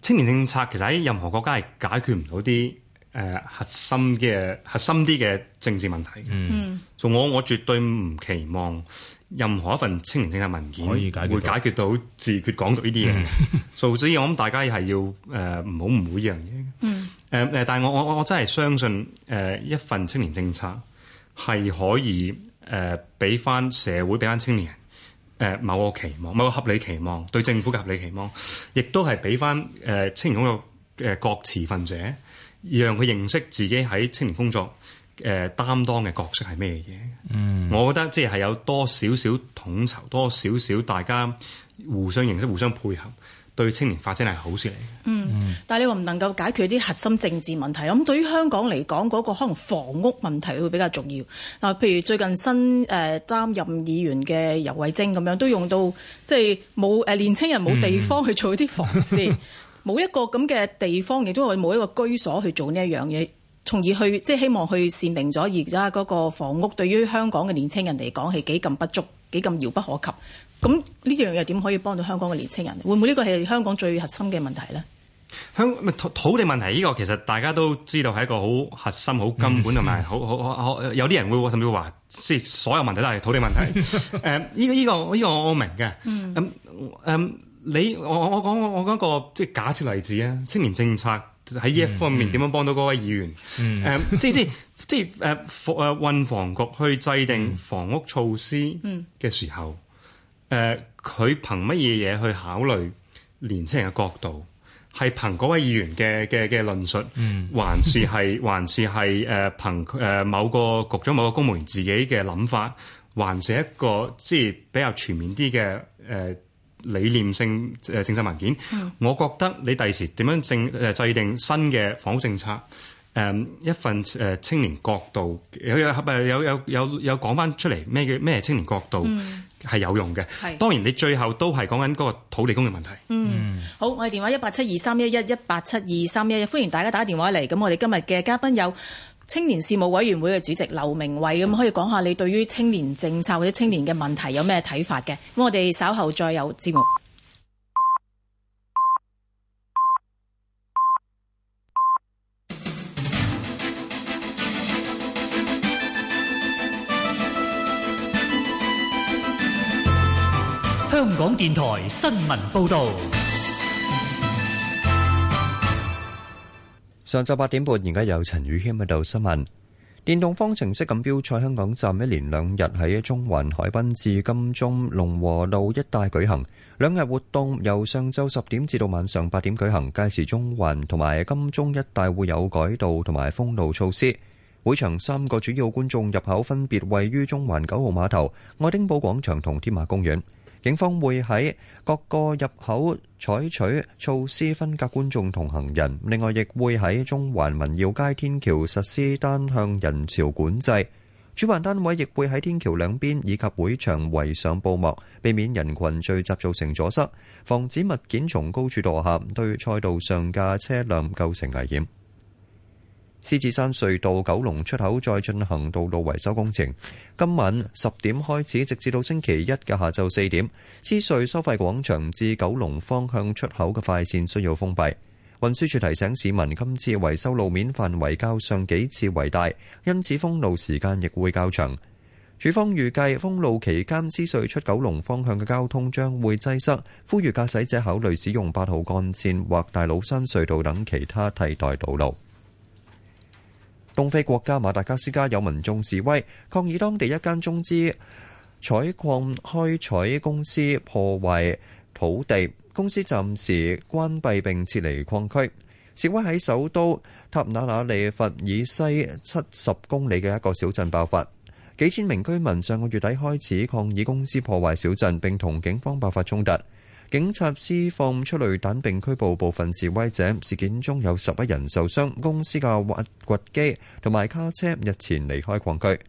青年政策其實喺任何國家係解決唔到啲誒核心嘅核心啲嘅政治問題。嗯，仲我我絕對唔期望。任何一份青年政策文件可以解決會解決到自決、港獨呢啲嘢，所以我諗大家係要誒唔好誤會呢樣嘢。誒誒、嗯呃，但係我我我真係相信誒、呃、一份青年政策係可以誒俾翻社會俾翻青年人誒、呃、某個期望，某個合理期望對政府嘅合理期望，亦都係俾翻誒青年嗰個誒各持份者，讓佢認識自己喺青年工作。誒、呃、擔當嘅角色係咩嘢？嗯，我覺得即係有多少少統籌，多少少大家互相認識、互相配合，對青年發展係好事嚟嘅。嗯，嗯但係你話唔能夠解決啲核心政治問題咁、嗯，對於香港嚟講，嗰、那個可能房屋問題會比較重要。嗱，譬如最近新誒擔、呃、任議員嘅游蕙禎咁樣，都用到即係冇誒年青人冇地方去做啲房事，冇、嗯、 <laughs> 一個咁嘅地方，亦都係冇一個居所去做呢一樣嘢。從而去即係希望去闡明咗而家嗰個房屋對於香港嘅年青人嚟講係幾咁不足、幾咁遙不可及。咁呢樣又點可以幫到香港嘅年青人？會唔會呢個係香港最核心嘅問題咧？香土土地問題、呢個，呢個其實大家都知道係一個好核心、好根本同埋好好好有啲、嗯、人會甚至會話，即係所有問題都係土地問題。誒、 <laughs> um, 呢個，依、呢個依個依個我，我明嘅。咁、um, 誒、um，你我我講我講一個即係假設例子啊，青年政策。喺呢一方面點、嗯、樣幫到嗰位議員？誒，即係即係即係誒誒運房局去制定房屋措施嘅時候，誒佢、嗯啊、憑乜嘢嘢去考慮年青人嘅角度？係憑嗰位議員嘅嘅嘅論述，嗯、還是係 <laughs> 還是係誒憑誒、呃、某個局長、某個公務員自己嘅諗法，還是一個即係比較全面啲嘅誒？呃理念性誒政策文件，嗯、我覺得你第時點樣政誒制定新嘅房屋政策？誒、嗯、一份誒青年角度有有誒有有有有講翻出嚟咩嘅咩青年角度係有用嘅。嗯、當然你最後都係講緊嗰個土地供應問題。嗯，嗯好，我哋電話一八七二三一一一八七二三一一，歡迎大家打電話嚟。咁我哋今日嘅嘉賓有。青年事務委員會嘅主席劉鳴煒，咁，可以講下你對於青年政策或者青年嘅問題有咩睇法嘅？咁我哋稍後再有節目。香港電台新聞報道。上晝八點半，而家有陳宇謙喺度新聞電動方程式錦標賽香港站，一連兩日喺中環海濱至金鐘龍和路一帶舉行。兩日活動由上晝十點至到晚上八點舉行。屆時中環同埋金鐘一帶會有改道同埋封路措施。會場三個主要觀眾入口分別位於中環九號碼頭、愛丁堡廣場同天馬公園。警方會喺各個入口採取措施分隔觀眾同行人，另外亦會喺中環民耀街天橋實施單向人潮管制。主辦單位亦會喺天橋兩邊以及會場圍上布幕，避免人群聚集造成阻塞，防止物件從高處墮下，對賽道上架車輛構成危險。獅子山隧道九龍出口再進行道路維修工程，今晚十點開始，直至到星期一嘅下晝四點，獅隧收費廣場至九龍方向出口嘅快綫需要封閉。運輸署提醒市民，今次維修路面範圍較上幾次為大，因此封路時間亦會較長。署方預計封路期間，獅隧出九龍方向嘅交通將會擠塞，呼籲駕駛者考慮使用八號幹綫或大老山隧道等其他替代道路。東非國家馬達加斯加有民眾示威，抗議當地一間中資採礦開採公司破壞土地，公司暫時關閉並撤離礦區。示威喺首都塔那那利佛以西七十公里嘅一個小鎮爆發，幾千名居民上個月底開始抗議公司破壞小鎮，並同警方爆發衝突。警察施放催淚彈並拘捕部分示威者，事件中有十一人受傷，公司嘅挖掘機同埋卡車日前離開礦區，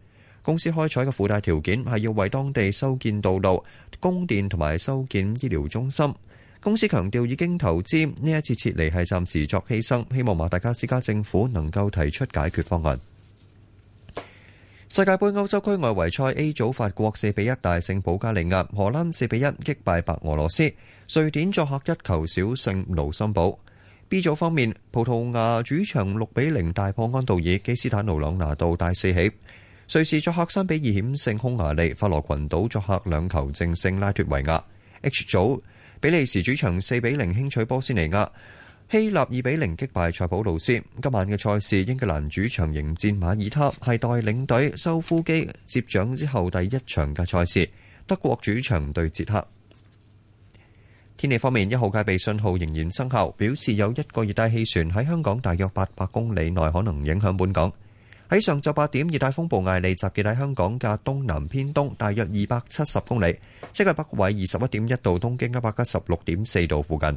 公司開採嘅附帶條件係要為當地修建道路、供電同埋修建醫療中心。公司強調已經投資呢一次撤離係暫時作犧牲，希望馬達加斯加政府能夠提出解決方案。世界杯歐洲區外圍賽 A 組，法國四比一大勝保加利亞，荷蘭四比一擊敗白俄羅斯，瑞典作客一球小勝盧森堡。B 組方面，葡萄牙主場六比零大破安道爾，基斯坦奴朗拿度大四喜，瑞士作客三比二險勝匈牙利，法羅群島作客兩球正勝拉脱維亞。H 組，比利時主場四比零輕取波斯尼亞。希臘二比零擊敗塞普路斯。今晚嘅賽事，英格蘭主場迎戰馬耳他，係代領隊收夫基接掌之後第一場嘅賽事。德國主場對捷克。天氣方面，一號戒備信號仍然生效，表示有一個熱帶氣旋喺香港大約八百公里內可能影響本港。喺上晝八點，熱帶風暴艾利集結喺香港嘅東南偏東大約二百七十公里，即係北緯二十一點一度，東經一百一十六點四度附近，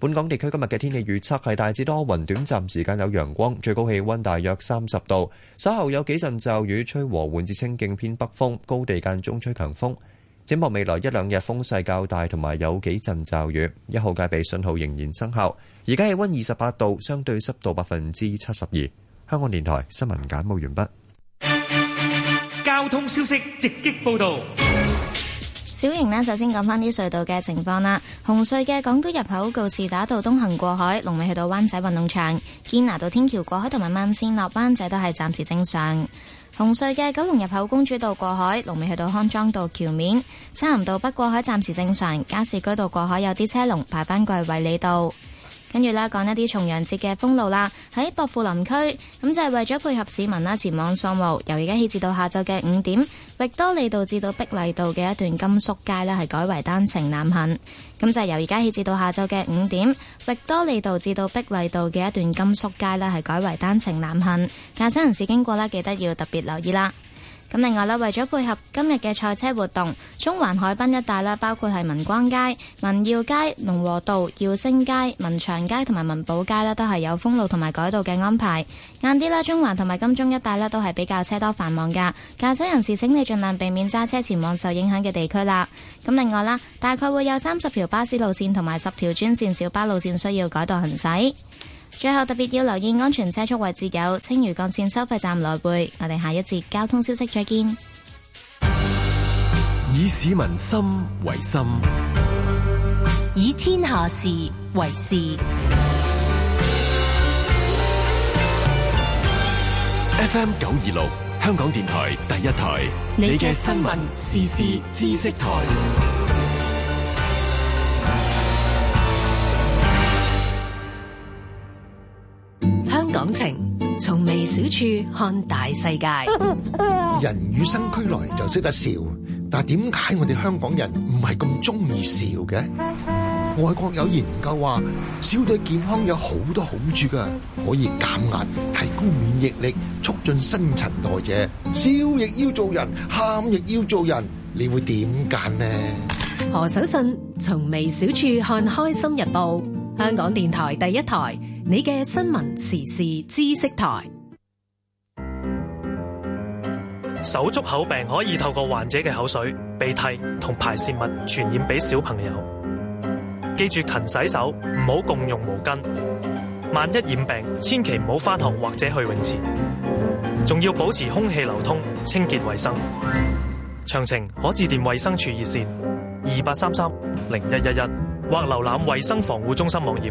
本港地區今日嘅天氣預測係大致多雲，雲短暫時間有陽光，最高氣溫大約三十度。稍後有幾陣驟雨，吹和緩至清勁偏北風，高地間中吹強風。展望未來一兩日風勢較大，同埋有幾陣驟雨。一號戒備信號仍然生效。而家氣溫二十八度，相對濕度百分之七十二。香港電台新聞簡報完畢。交通消息直擊報道。小瑩呢，首先講返啲隧道嘅情況啦。紅隧嘅港島入口告士打道東行過海，龍尾去到灣仔運動場；堅拿道天橋過海同埋慢線落灣仔都係暫時正常。紅隧嘅九龍入口公主道過海，龍尾去到康莊道橋面；漆咸道北過海暫時正常；加士居道過海有啲車龍排班過嚟衞理道。跟住咧，講一啲重陽節嘅封路啦。喺薄扶林區，咁就係為咗配合市民啦，前往掃墓，由而家起至到下晝嘅五點，域多利道至到碧麗道嘅一段金粟街呢係改為單程南行。咁就係由而家起至到下晝嘅五點，域多利道至到碧麗道嘅一段金粟街呢係改為單程南行。駕車人士經過咧，記得要特別留意啦。咁另外咧，為咗配合今日嘅賽車活動，中環海濱一帶啦，包括係民光街、民耀街、龍和道、耀星街、民祥街同埋民寶街咧，都係有封路同埋改道嘅安排。晏啲啦，中環同埋金鐘一帶咧，都係比較車多繁忙噶駕駛人士請你盡量避免揸車前往受影響嘅地區啦。咁另外啦，大概會有三十條巴士路線同埋十條專線小巴路線需要改道行駛。最後特別要留意安全車速位置有青嶼幹線收費站內貝，我哋下一節交通消息再見。以市民心為心，以天下事為事。FM 九二六，香港電台第一台，你嘅新聞時事知識台。情從微小處看大世界。人與生俱來就識得笑，但係點解我哋香港人唔係咁中意笑嘅？外國有研究話，笑對健康有好多好處噶，可以減壓、提高免疫力、促進新陳代謝。笑亦要做人，喊亦要做人，你會點揀呢？何守信從微小處看《開心日報》，香港電台第一台。你嘅新聞時事知識台，手足口病可以透過患者嘅口水、鼻涕同排泄物傳染俾小朋友。記住勤洗手，唔好共用毛巾。萬一染病，千祈唔好翻學或者去泳池。仲要保持空氣流通、清潔衛生。詳情可致電衛生署熱線二八三三零一一一，1，或瀏覽衛生防護中心網頁。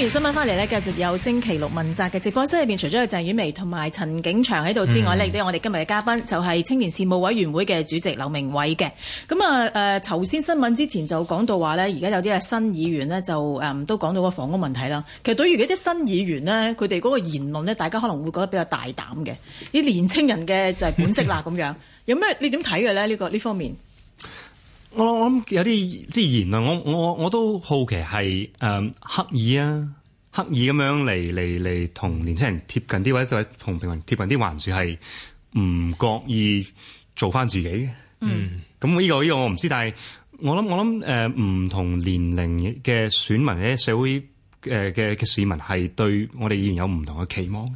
啲新聞翻嚟咧，繼續有星期六問責嘅直播室入邊，除咗有鄭婉薇同埋陳景祥喺度之外呢，亦、嗯、都有我哋今日嘅嘉賓，就係、是、青年事務委員會嘅主席劉鳴煒嘅。咁啊，誒、呃，頭先新聞之前就講到話呢，而家有啲啊新,、嗯、新議員呢，就誒都講到個房屋問題啦。其實對於嗰啲新議員呢，佢哋嗰個言論呢，大家可能會覺得比較大膽嘅，啲年青人嘅就係本色啦咁 <laughs> 樣。有咩你點睇嘅咧？呢、這個呢方面？我諗有啲即係言論，我我我都好奇係誒、呃、刻意啊，刻意咁樣嚟嚟嚟同年青人貼近啲，或者同平民貼近啲，還是係唔覺意做翻自己嘅。嗯，咁呢、嗯這個呢、這個我唔知，但係我諗我諗誒，唔、呃、同年齡嘅選民咧，社會誒嘅嘅市民係對我哋議員有唔同嘅期望嘅。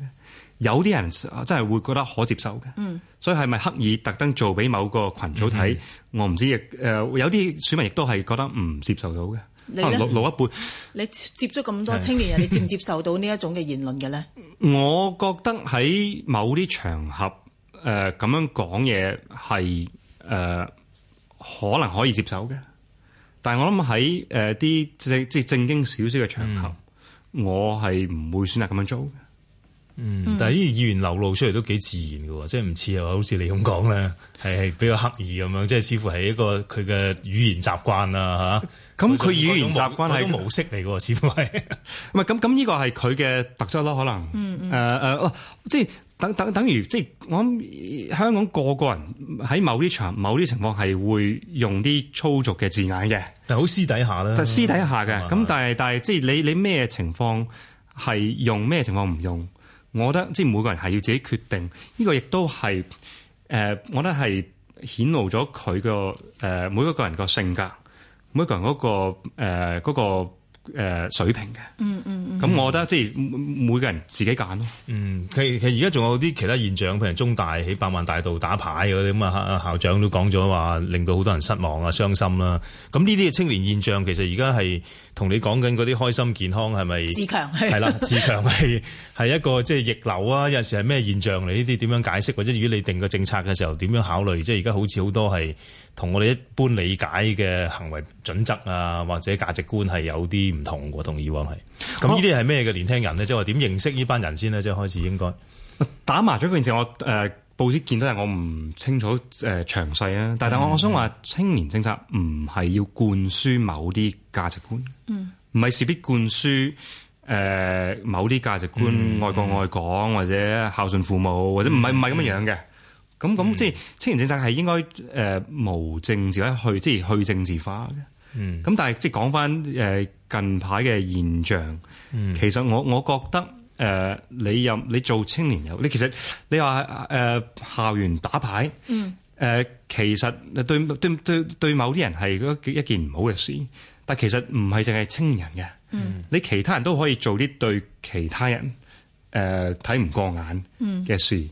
有啲人真係會覺得可接受嘅，嗯，所以係咪刻意特登做俾某個群組睇？嗯、我唔知亦誒，有啲選民亦都係覺得唔接受到嘅。你老呢老一輩，你接觸咁多青年人， <laughs> 你接唔接受到呢一種嘅言論嘅咧？我覺得喺某啲場合誒咁、呃、樣講嘢係誒可能可以接受嘅，但係我諗喺誒啲即係正經少少嘅場合，嗯、我係唔會選擇咁樣做嘅。嗯，但係呢啲語言流露出嚟都幾自然嘅喎，即係唔似又好似你咁講咧，係係比較刻意咁樣，即係似乎係一個佢嘅語言習慣啦、啊、嚇。咁佢、嗯、語言習慣係種模式嚟嘅，似乎係咁咁？呢個係佢嘅特質咯，可能誒誒、嗯嗯呃，即係等等等於即係我諗香港個個人喺某啲場某啲情況係會用啲粗俗嘅字眼嘅，但好私底下啦，但係、嗯、私底下嘅咁，但係但係即係你你咩情況係用咩情況唔用？我覺得即係每個人係要自己決定，呢個亦都係誒，我覺得係顯露咗佢個誒每一個人個性格，每個人嗰個誒嗰個。呃嗰個誒、呃，水平嘅，、嗯，嗯嗯，咁我覺得、嗯、即係每個人自己揀咯。嗯，其其實而家仲有啲其他現象，譬如中大喺百萬大道打牌嗰啲咁啊，校長都講咗話，令到好多人失望啊、傷心啦。咁呢啲嘅青年現象，其實而家係同你講緊嗰啲開心健康係咪？自強係啦，自強係係一個即係逆流啊！有陣時係咩現象嚟？呢啲點樣解釋？或者如果你定個政策嘅時候，點樣考慮？即係而家好似好多係同我哋一般理解嘅行為準則啊，或者價值觀係有啲。唔同喎，同以往係。咁呢啲係咩嘅年輕人咧？即係話點認識呢班人先咧？即係開始應該打麻雀嗰件事，我誒、呃、報紙見到係，我唔清楚誒詳細啊。但係我我想話，青年政策唔係要灌輸某啲價值觀，唔係事必灌輸誒某啲價值觀，愛國愛港或者孝順父母或者唔係唔係咁樣樣嘅。咁咁即係青年政策係應該誒無政治去，即係去政治化嘅。咁、嗯、但係即係講翻誒。近排嘅現象，其實我我覺得，誒你任你做青年游，你其實你話誒校園打牌，誒其實對對對對某啲人係一件唔好嘅事，但其實唔係淨係青年人嘅，你其他人都可以做啲對其他人誒睇唔過眼嘅事，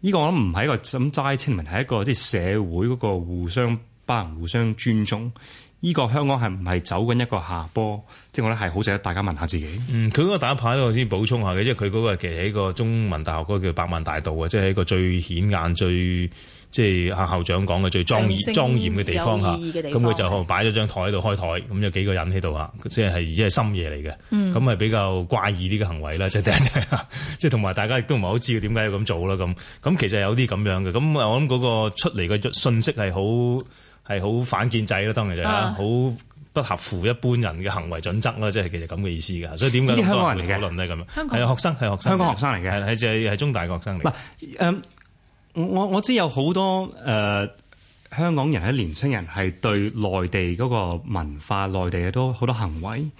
呢個我諗唔係一個咁齋青年，係一個即係社會嗰個互相包容、互相尊重。呢個香港係唔係走緊一個下坡？即係我覺得係好值得大家問下自己。嗯，佢嗰個打牌我先補充下嘅，因為佢嗰個其實喺個中文大學嗰個叫百萬大道啊，即係一個最顯眼、最即係阿校長講嘅最莊嚴、莊嚴嘅地方。咁佢就擺咗張台喺度開台，咁有幾個人喺度嚇，即係而家係深夜嚟嘅。咁係比較怪異啲嘅行為啦，即係即係，即係同埋大家亦都唔係好知點解要咁做啦。咁咁其實有啲咁樣嘅，咁我諗嗰個出嚟嘅信息係好。係好反建制咯，當然就係好不合乎一般人嘅行為準則啦，即係其實咁嘅意思嘅。所以點解香港人討論咧咁樣？香港係學生，係香港學生嚟嘅，係係係中大學生嚟。嘅、嗯。我我知有好多誒、呃、香港人，喺年青人係對內地嗰個文化，內地嘅都好多行為。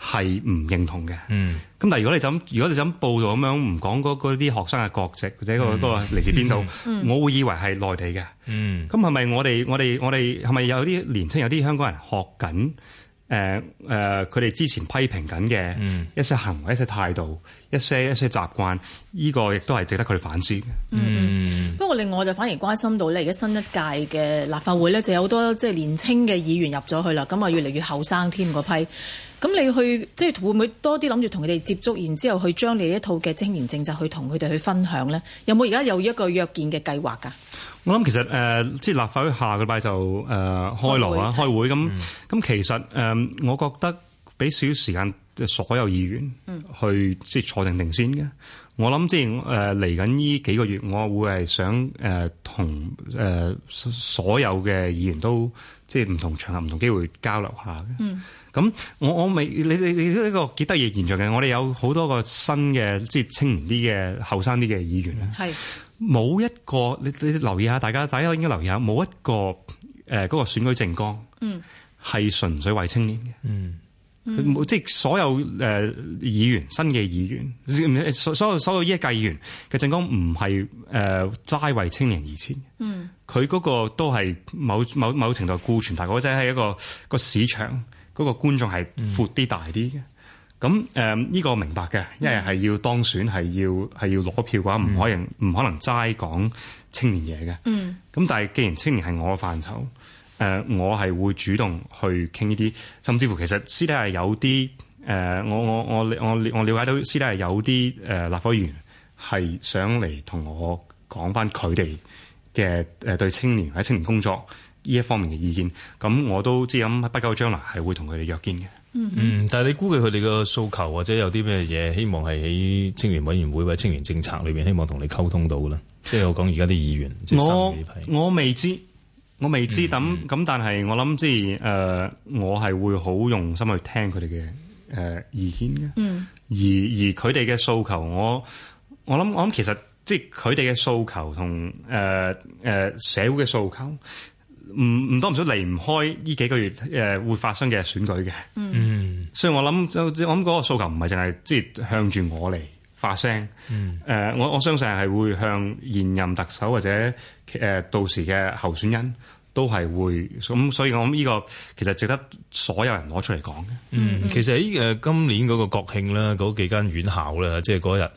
係唔認同嘅，嗯，咁但係如果你就咁，如果你就咁報道咁樣，唔講嗰啲學生嘅國籍或者、嗰個、嗰個嚟自邊度，嗯嗯、我會以為係內地嘅，嗯，咁係咪我哋我哋我哋係咪有啲年青有啲香港人學緊誒誒？佢、呃、哋、呃、之前批評緊嘅一些行為、一些態度、一些一些習慣，呢個亦都係值得佢哋反思嘅。嗯，嗯，不過另外就反而關心到咧，而家新一屆嘅立法會咧就有好多即係年青嘅議員入咗去啦，咁啊越嚟越後生添嗰批。咁你去即係會唔會多啲諗住同佢哋接觸，然之後去將你一套嘅青年政策去同佢哋去分享咧？有冇而家有一個約見嘅計劃噶？我諗其實誒、呃，即係立法會下個禮拜就誒開鑼啊，開，開會咁。咁、嗯、其實誒、呃，我覺得俾少少時間，所有議員去即係、嗯、坐定定先嘅。我諗即係誒嚟緊呢幾個月，我會係想誒同誒所有嘅議員都即係唔同場合、唔同機會交流下嘅。嗯咁、嗯、我我未你你你呢、這個幾得意現象嘅？我哋有好多個新嘅，即係青年啲嘅後生啲嘅議員咧，係冇一個，你你留意下，大家大家應該留意下，冇一個誒嗰個選舉政綱，嗯，係純粹為青年嘅，嗯，即係所有誒、呃、議員新嘅議員所所有所有依一屆議員嘅政綱唔係誒齋為青年而設，嗯，佢嗰個都係某某某程度係顧全大局，或者係一個一個市場。嗰個觀眾係闊啲大啲嘅，咁誒呢個我明白嘅，因為係要當選係要係要攞票嘅話，唔可以唔可能齋講、嗯、青年嘢嘅。咁、嗯、但係既然青年係我嘅範疇，誒、呃、我係會主動去傾呢啲，甚至乎其實私底下有啲誒、呃，我我我我我瞭解到私底下有啲誒、呃、立法員係想嚟同我講返佢哋嘅誒對青年或者青年工作。呢一方面嘅意見，咁我都知咁，不久將來係會同佢哋約見嘅。嗯嗯，但係你估計佢哋嘅訴求或者有啲咩嘢希望係喺青年委員會或者青年政策裏邊希望同你溝通到啦。即係我講而家啲議員，即係、我我未知，我未知。咁咁、嗯，但係我諗，即係誒，我係會好用心去聽佢哋嘅誒意見嘅。嗯，而而佢哋嘅訴求，我我諗我諗，其實即係佢哋嘅訴求同誒誒社會嘅訴求。唔唔多唔少離唔開呢幾個月誒會發生嘅選舉嘅，嗯，所以我諗就我諗嗰個訴求唔係淨係即係向住我嚟發聲，嗯，誒、呃，我我相信係會向現任特首或者誒到時嘅候選人都係會，咁所以我諗呢個其實值得所有人攞出嚟講嘅，嗯，其實喺誒今年嗰個國慶啦，嗰幾間院校咧，即係嗰日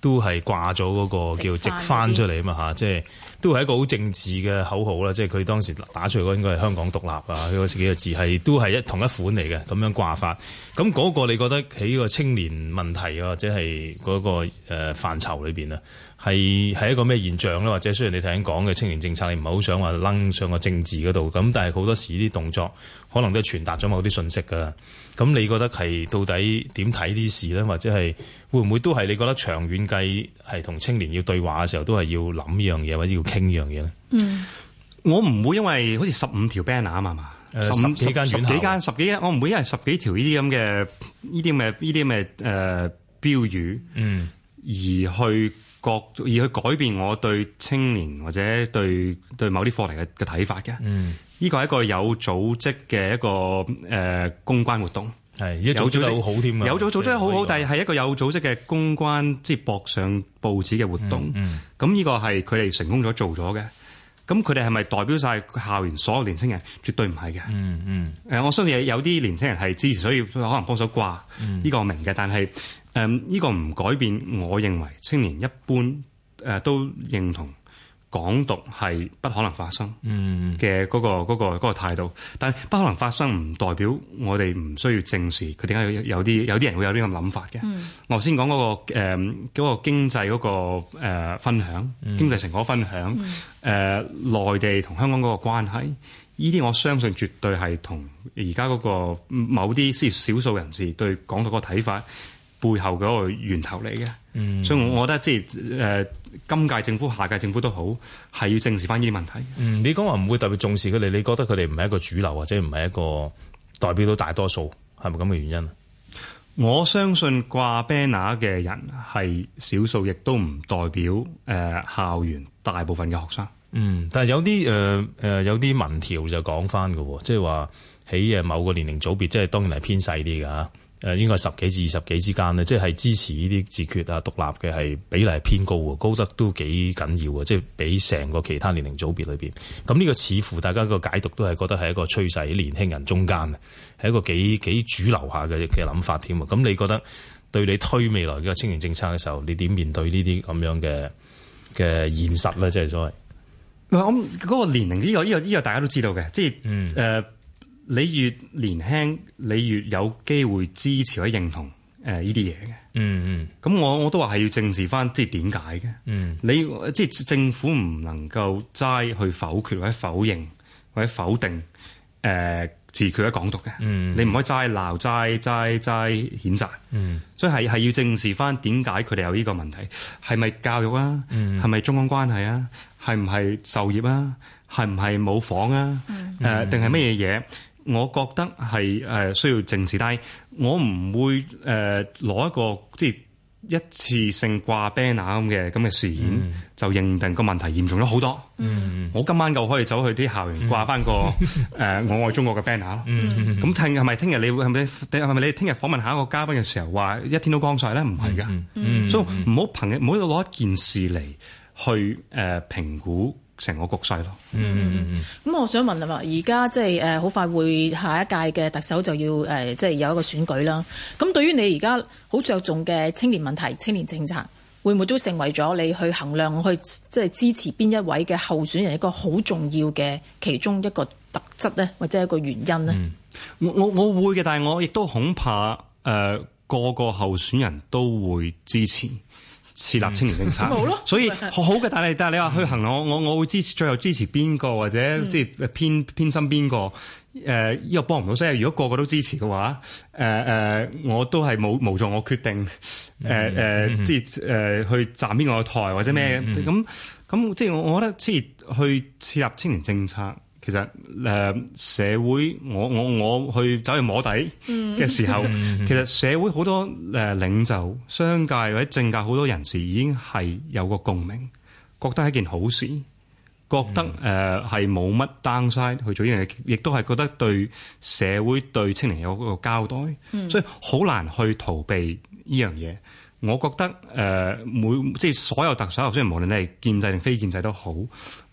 都係掛咗嗰個叫直翻出嚟啊嘛吓，即係、就是。都係一個好政治嘅口號啦，即係佢當時打出嚟嗰應該係香港獨立啊，佢嗰幾個字係都係一同一款嚟嘅咁樣掛法。咁嗰個你覺得喺個青年問題啊或者係嗰個誒範疇裏邊啊，係係一個咩現象咧？或者雖然你頭先講嘅青年政策你唔係好想話掹上個政治嗰度，咁但係好多時啲動作可能都係傳達咗某啲訊息噶。咁你覺得係到底點睇啲事咧？或者係？會唔會都係你覺得長遠計係同青年要對話嘅時候都，都係要諗呢樣嘢或者要傾呢樣嘢咧？嗯，我唔會因為好似、呃、15, 十五條 banner 啊嘛，十幾間、十幾間、十幾，我唔會因為十幾條呢啲咁嘅呢啲咁嘅呢啲咁嘅誒標語，嗯，而去改而去改變我對青年或者對對某啲課題嘅嘅睇法嘅。嗯，呢個係一個有組織嘅一個誒、呃、公關活動。係，有組織好好添。有組組織好好，但係係一個有組織嘅公關，即係博上報紙嘅活動。咁呢個係佢哋成功咗做咗嘅。咁佢哋係咪代表晒校園所有年青人？絕對唔係嘅。嗯嗯。誒，我相信有啲年青人係支持，所以可能幫手掛。呢、嗯、個我明嘅，但係誒呢個唔改變，我認為青年一般誒都認同。港獨係不可能發生嘅，嗰、嗰個嗰、嗯、個態度，但不可能發生唔代表我哋唔需要正視佢，點解有啲有啲人會有呢咁嘅諗法嘅。嗯、我頭先講嗰個誒嗰、呃嗰個經濟嗰、嗰個分享、呃，經濟成果分享，誒、嗯呃、內地同香港嗰個關係，呢啲我相信絕對係同而家嗰個某啲少少數人士對港獨個睇法，背後嗰個源頭嚟嘅，嗯、所以我我覺得即係誒、呃，今屆政府、下屆政府都好，係要正視翻呢啲問題。嗯，你講話唔會特別重視佢哋，你覺得佢哋唔係一個主流或者唔係一個代表到大多數，係咪咁嘅原因？我相信掛 banner 嘅人係少數，亦都唔代表誒、呃、校園大部分嘅學生。嗯，但係有啲誒誒有啲民調就講翻嘅，即係話喺誒某個年齡組別，即係當然係偏細啲嘅吓。誒，應該係十幾至二十幾之間咧，即係支持呢啲自決啊、獨立嘅係比例偏高嘅，高得都幾緊要啊！即係比成個其他年齡組別裏邊，咁呢個似乎大家個解讀都係覺得係一個趨勢喺年輕人中間嘅，係一個幾幾主流下嘅嘅諗法添啊！咁你覺得對你推未來嘅青年政策嘅時候，你點面對呢啲咁樣嘅嘅現實咧？即係所謂，唔嗰個年齡呢個呢個呢個大家都知道嘅，即係誒。嗯你越年輕，你越有機會支持或者認同誒依啲嘢嘅。嗯嗯。咁我我都話係要正視翻，即係點解嘅。嗯。你即係政府唔能夠齋去否決或者否認或者否定誒、呃、自決喺港獨嘅。嗯，你唔可以齋鬧齋齋齋譴責。嗯。所以係係要正視翻點解佢哋有呢個問題，係咪教育啊？嗯。係咪中港關係啊？係唔係就業啊？係唔係冇房啊？嗯、呃。定係乜嘢嘢？我覺得係誒需要正視，但係我唔會誒攞、呃、一個即係一次性掛 banner 咁嘅咁嘅事件、嗯、就認定個問題嚴重咗好多。嗯、我今晚就可以走去啲校園掛翻個誒、嗯 <laughs> 啊、我愛中國嘅 banner 咯。咁聽係咪聽日你係咪係咪你哋聽日訪問下一個嘉賓嘅時候話「一天都光晒」咧？唔係㗎，所以唔好憑唔好攞一件事嚟去誒、呃、評估。成個局勢咯。嗯嗯嗯嗯。咁、嗯、我想問啊嘛，而家即係誒好快會下一屆嘅特首就要誒，即、呃、係、即係、有一個選舉啦。咁對於你而家好着重嘅青年問題、青年政策，會唔會都成為咗你去衡量去即係支持邊一位嘅候選人一個好重要嘅其中一個特質呢？或者一個原因呢？嗯、我我我會嘅，但係我亦都恐怕誒、呃、個個候選人都會支持。設立青年政策，嗯、所以 <laughs> 好嘅的，但係但係你話去衡量、嗯、我我我會支持，最後支持邊個或者即係、嗯、偏偏心邊個？誒、呃，因為幫唔到，所以如果個個都支持嘅話，誒、呃、誒，我都係冇無，無助我決定。誒誒，即係誒去站邊個台或者咩咁咁？即係我覺得，即係去設立，立，立青年政策。其實誒、呃，社會我我我去走去摸底嘅時候，嗯、其實社會好多誒領袖、商界或者政界好多人士已經係有個共鳴，覺得係件好事，覺得誒係、呃、冇乜 downside 去做呢樣嘢，亦都係覺得對社會對青年有個交代，所以好難去逃避呢樣嘢。我覺得誒每、呃、即係所有特首候選人，無論你係建制定非建制都好，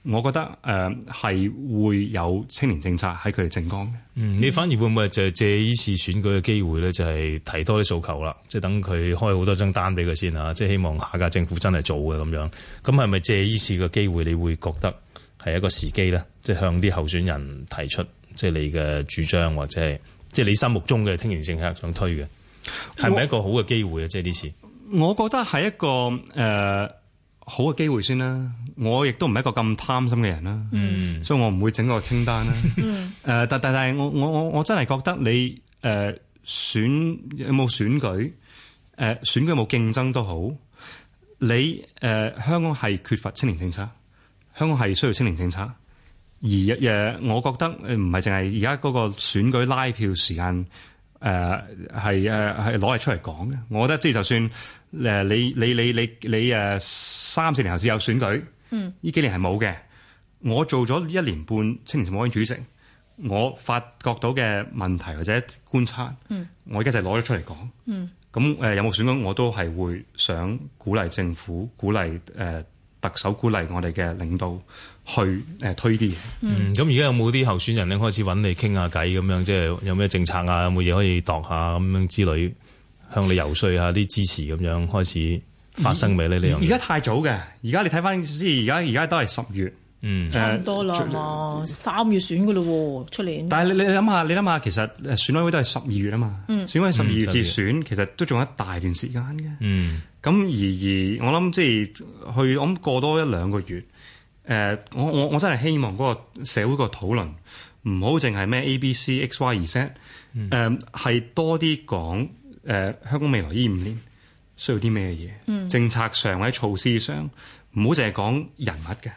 我覺得誒係、呃、會有青年政策喺佢哋政綱嘅。嗯，你反而會唔會就借依次選舉嘅機會咧，就係、是、提多啲訴求啦，即係等佢開好多張單俾佢先啊！即、就、係、是、希望下屆政府真係做嘅咁樣。咁係咪借依次嘅機會，你會覺得係一個時機咧？即、就、係、是、向啲候選人提出即係、就是、你嘅主張，或者係即係你心目中嘅青年政策想推嘅，係咪我一個好嘅機會啊？即係呢次？我覺得係一個誒、呃、好嘅機會先啦，我亦都唔係一個咁貪心嘅人啦，嗯、所以我唔會整個清單啦。誒、 <laughs> 呃，但但但係我我我我真係覺得你誒、呃、選有冇選舉？誒、呃，選舉有冇競爭都好，你誒、呃、香港係缺乏青年政策，香港係需要青年政策，而誒、呃、我覺得唔係淨係而家嗰個選舉拉票時間。誒係誒係攞嚟出嚟講嘅。我覺得即係就算誒你你你你你誒三四年後先有選舉，嗯，呢幾年係冇嘅。我做咗一年半青年事務委員會主席，我發覺到嘅問題或者觀察，嗯，我而家就攞咗出嚟講，嗯，咁誒、呃、有冇選舉我都係會想鼓勵政府，鼓勵誒、呃、特首，鼓勵我哋嘅領導。去誒推啲嘢。嗯，咁而家有冇啲候選人咧開始揾你傾下偈咁樣，即係有咩政策啊，有冇嘢可以度下咁樣之類，向你游説下啲支持咁樣開始發生未咧？呢樣而家太早嘅，而家你睇翻即係，而家而家都係十月，嗯，差唔多啦嘛，嗯、三月選嘅咯喎，出年。但係你你諗下，你諗下，其實選委會都係十二月啊嘛，嗯，選委十二月至選，月其實都仲有一大段時間嘅。嗯，咁而、嗯、而我諗即係去諗過多一兩個月。誒、uh,，我我我真係希望嗰個社會個討論唔好淨係咩 A BC, XY Z,、嗯、B、uh,、C、X、Y 而 set，誒係多啲講誒香港未來呢五、e、年需要啲咩嘢，嗯、政策上或者措施上，唔好淨係講人物嘅，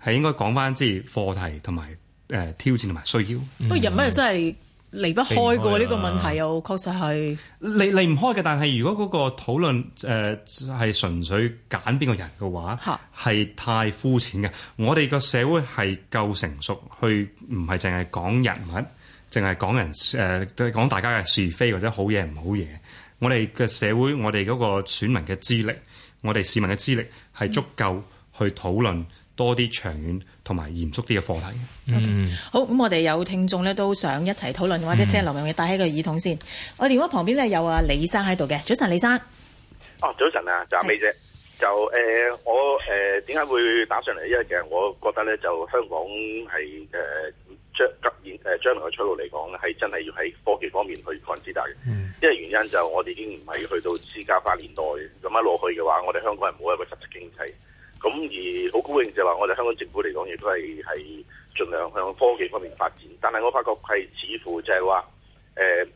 係應該講翻即係課題同埋誒挑戰同埋需要。嗯、不過人物真係～離不開過呢、啊、個問題又確實係離離唔開嘅。但係如果嗰個討論誒係、呃、純粹揀邊個人嘅話，吓哈，係太膚淺嘅。我哋個社會係夠成熟，去唔係淨係講人物，淨係講人誒都係講大家嘅是非或者好嘢唔好嘢，我哋嘅社會我哋嗰個選民嘅資歷，我哋市民嘅資歷係足夠去討論多啲長遠。嗯同埋嚴肅啲嘅課題。Okay. 嗯，好，咁，我哋有聽眾咧都想一齊討論，或者請劉鳴煒戴起個耳筒先。嗯、我電話旁邊咧有阿、啊、李生喺度嘅，早晨李生。哦、啊，早晨啊，就阿、是、美姐，是就誒、呃、我誒點解會打上嚟？因為其實我覺得咧，就香港係誒、呃、將今現誒將來嘅出路嚟講咧，係真係要喺科技方面去擴之大嘅。嗯，因為原因就我哋已經唔係去到私家化年代，咁一落去嘅話，我哋香港冇一個實質經濟。咁而好高興就係話，我哋香港政府嚟講，亦都係係盡量向科技方面發展。但係我發覺係似乎就係話，誒、呃、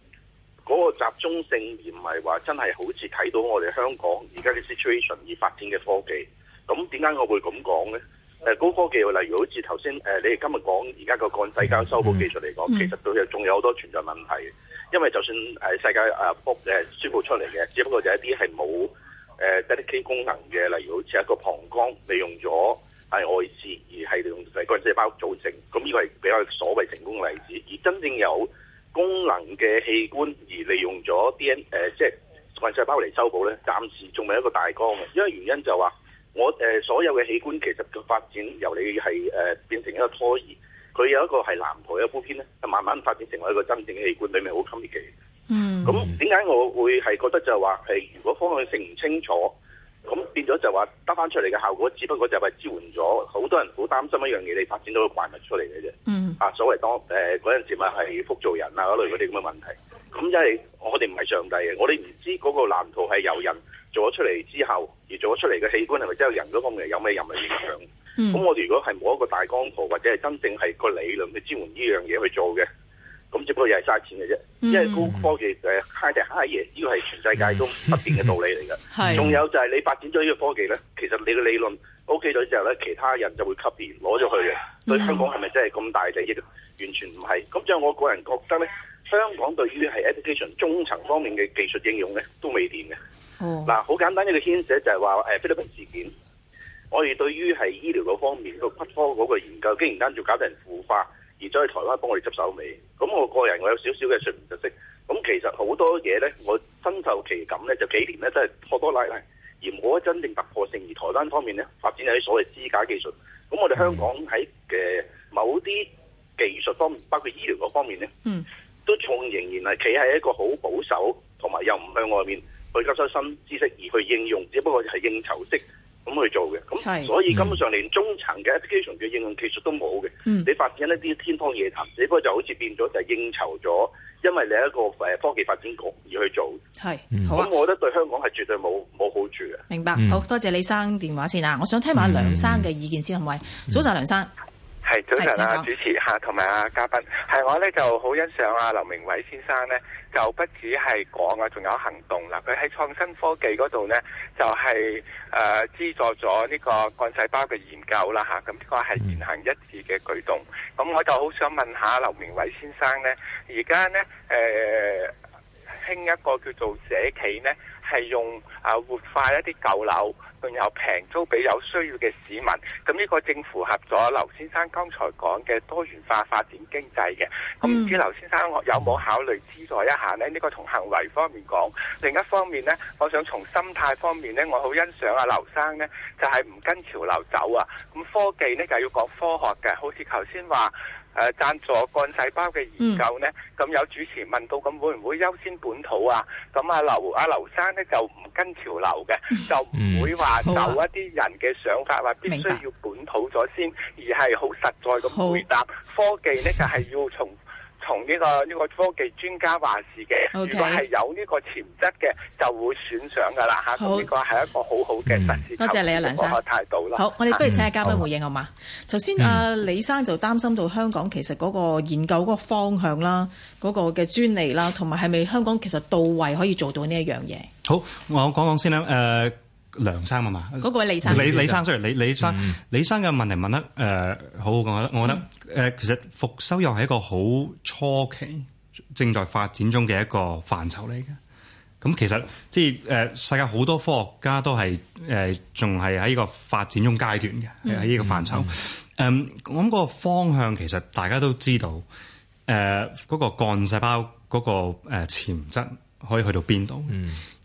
嗰、那個集中性而唔係話真係好似睇到我哋香港而家嘅 situation 而發展嘅科技。咁點解我會咁講咧？誒、呃、高科技例如好似頭先誒你哋今日講而家個幹細胞修補技術嚟講，其實對佢仲有好多存在問題。因為就算誒、呃、世界誒 b o o 宣佈出嚟嘅，只不過就係一啲係冇。Uh, Dedicate 功能嘅，例如好似一個膀胱利用咗係外置，而係用幹細胞組成，咁呢個係比較所謂成功嘅例子。而真正有功能嘅器官而利用咗 DNA、呃，即係幹細胞嚟修補咧，暫時仲未一個大江嘅。因為原因就話、是、我誒、呃、所有嘅器官其實嘅發展由你係誒變成一個胎兒，佢有一個係藍圖一個鋪片咧，慢慢發展成為一個真正器官，裡面好 complicated。嗯，咁點解我會係覺得就話係如果方向性唔清楚，咁變咗就話得翻出嚟嘅效果，只不過就係支援咗好多人好擔心一樣嘢，你發展到個怪物出嚟嘅啫。嗯，啊，所謂當誒嗰陣時咪係複造人啊嗰類嗰啲咁嘅問題。咁因為我哋唔係上帝嘅，我哋唔知嗰個藍圖係由人做咗出嚟之後而做咗出嚟嘅器官係咪真係人嗰方面有咩任何影響？咁、嗯、我哋如果係冇一個大光圖或者係真正係個理論去支援呢樣嘢去做嘅。咁只不過又係嘥錢嘅啫。嗯、因為高科技誒 high tech high 嘢，呢個係全世界都不變嘅道理嚟嘅。係 <laughs> 是，仲有就係你發展咗呢個科技咧，其實你嘅理論 OK 咗之後咧，其他人就會 copy 攞咗去嘅。所以香港係咪真係咁大利益？完全唔係。咁即係我個人覺得咧，香港對於係 education 中層方面嘅技術應用咧，都未掂嘅。哦，嗱，好簡單一個牽涉就係話誒菲律賓事件，我哋對於係醫療嗰方面、個骨科嗰個研究，竟然間就搞成腐化。而再去台灣幫我哋執手尾，咁我個人我有少少嘅說唔出色。咁其實好多嘢呢，我身受其感呢，就幾年呢，都係拖拖拉拉，而冇真正突破性。而台灣方面呢，發展有啲所謂支架技術。咁我哋香港喺嘅某啲技術方面，包括醫療嗰方面呢，嗯，都仲仍然係企喺一個好保守，同埋又唔向外面去吸收新知識而去應用，只不過係應酬式。咁去做嘅，咁係所以根本上連中層嘅 education 嘅應用技術都冇嘅，嗯、你發展一啲天方夜譚，你不過就好似變咗就應酬咗，因為你一個誒科技發展局而去做，係好咁、啊、我覺得對香港係絕對冇冇好處嘅。明白，好多謝李生電話先啊，我想聽下梁生嘅意見先，係咪？早晨，梁生。早晨啊，主持嚇，同埋啊，嘉賓，係我咧就好欣賞啊，劉鳴煒先生咧就不止係講啊，仲有行動啦。佢喺創新科技嗰度咧就係誒資助咗呢個幹細胞嘅研究啦吓，咁呢個係言行一致嘅舉動。咁我就好想問下劉鳴煒先生咧，而家咧誒興一個叫做社企咧。係用啊活化一啲舊樓，仲有平租俾有需要嘅市民。咁呢個正符合咗劉先生剛才講嘅多元化發展經濟嘅。咁唔知劉先生有冇考慮資助一下呢？呢個從行為方面講，另一方面呢，我想從心態方面呢，我好欣賞啊劉生呢，就係唔跟潮流走啊。咁科技呢，就要講科學嘅，好似頭先話。誒贊助幹細胞嘅研究呢，咁、嗯、有主持問到，咁會唔會優先本土啊？咁阿、啊、劉阿、啊、劉生呢，就唔跟潮流嘅，就唔會話有一啲人嘅想法、啊，話必須要本土咗先，而係好實在咁回答。好科技呢，就係要從。同呢個呢個科技專家話事嘅，Okay. 如果係有呢個潛質嘅，就會選上噶啦嚇。咁呢好個係一個好好嘅實事求是嘅多謝你呀，梁生，態度啦。好，我哋不如請下嘉賓回應好嘛？頭先阿李生就擔心到香港其實嗰個研究嗰個方向啦，嗰、嗰個嘅專利啦，同埋係咪香港其實到位可以做到呢一樣嘢？好，我講講先啦，誒、呃。梁生啊嘛，嗰個李，生，李，李生，李李生雖然李李生，嗯、李生嘅問題問得誒，呃、好，好，我覺得，我覺得誒，其實復修又係一個好初期正在發展中嘅一個範疇嚟嘅。咁、嗯、其實即係誒，世界好多科學家都係誒，仲係喺呢個發展中階段嘅喺呢個範疇。嗯，我諗嗰個方向其實大家都知道，誒、呃，嗰、嗰個幹細胞嗰個誒潛質。可以去到邊度？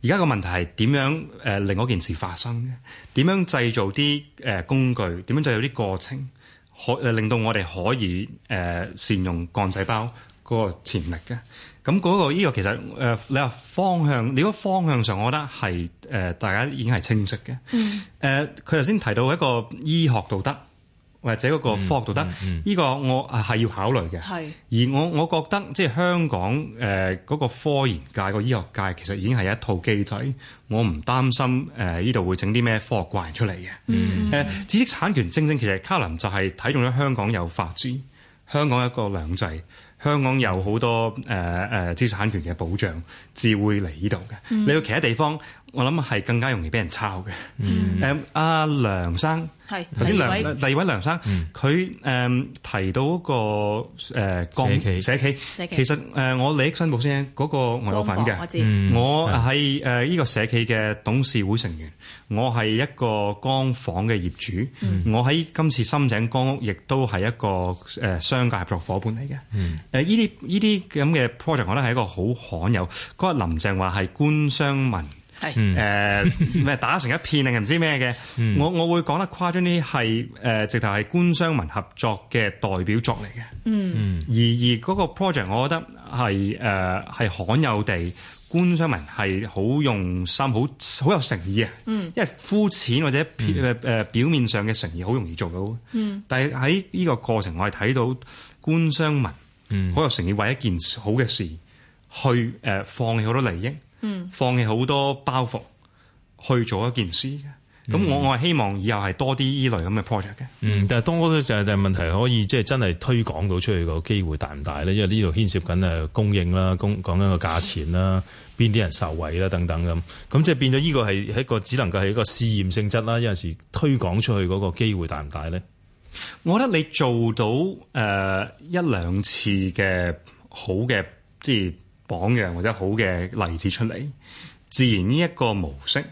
而家個問題係點樣？誒，令嗰件事發生嘅，點樣製造啲誒工具？點樣製造啲過程？可誒令到我哋可以誒、呃、善用幹細胞嗰個潛力嘅？咁嗰個呢個其實誒、呃，你話方向，你果方向上，我覺得係誒、呃、大家已經係清晰嘅。誒、嗯，佢頭先提到一個醫學道德。或者嗰個科學道德，呢、嗯嗯嗯、個我係要考慮嘅。是而我我覺得即係香港誒嗰、呃個科研界、個醫學界其實已經係一套機制，我唔擔心誒呢度會整啲咩科學怪人出嚟嘅。誒、嗯呃、知識產權正正其實卡林就係睇中咗香港有法治，香港有一國兩制，香港有好多誒誒、呃、知識產權嘅保障，至會嚟呢度嘅。你去其他地方。我諗係更加容易俾人抄嘅。誒，阿梁生，係頭先梁第二位梁生，佢誒提到嗰個社企，社企其實誒，我利益申報先，嗰個我有份嘅，我係誒依個社企嘅董事會成員，我係一個光房嘅業主，我喺今次深井光屋，亦都係一個誒商界合作伙伴嚟嘅。誒，依啲依啲咁嘅 project，我覺得係一個好罕有。嗰日林鄭話係官商民。係誒，咪是、嗯、 <laughs> 打成一片定係唔知咩嘅，嗯？我我會講得誇張啲，係、呃、誒直頭係官商民合作嘅代表作嚟嘅。嗯，而而嗰個 project，我覺得係誒係罕有地官商民係好用心，好好有誠意啊！嗯，因為膚淺或者表、誒表面上嘅誠意好容易做到。嗯，但係喺呢個過程，我係睇到官商民好有誠意，為一件好嘅事去、誒、呃、放棄好多利益。放棄好多包袱去做一件事嘅，咁、嗯、我我係希望以後係多啲依類咁嘅 project 嘅。嗯，但係多咗就係問題，可以即係真係推廣到出去個機會大唔大咧？因為呢度牽涉緊誒供應啦、供講緊個價錢啦、邊啲 <laughs> 人受惠啦等等咁，咁即係變咗呢個係一個只能夠係一個試驗性質啦。有陣時推廣出去嗰個機會大唔大咧？我覺得你做到誒、呃、一兩次嘅好嘅，即係。榜樣或者好嘅例子出嚟，自然呢一個模式，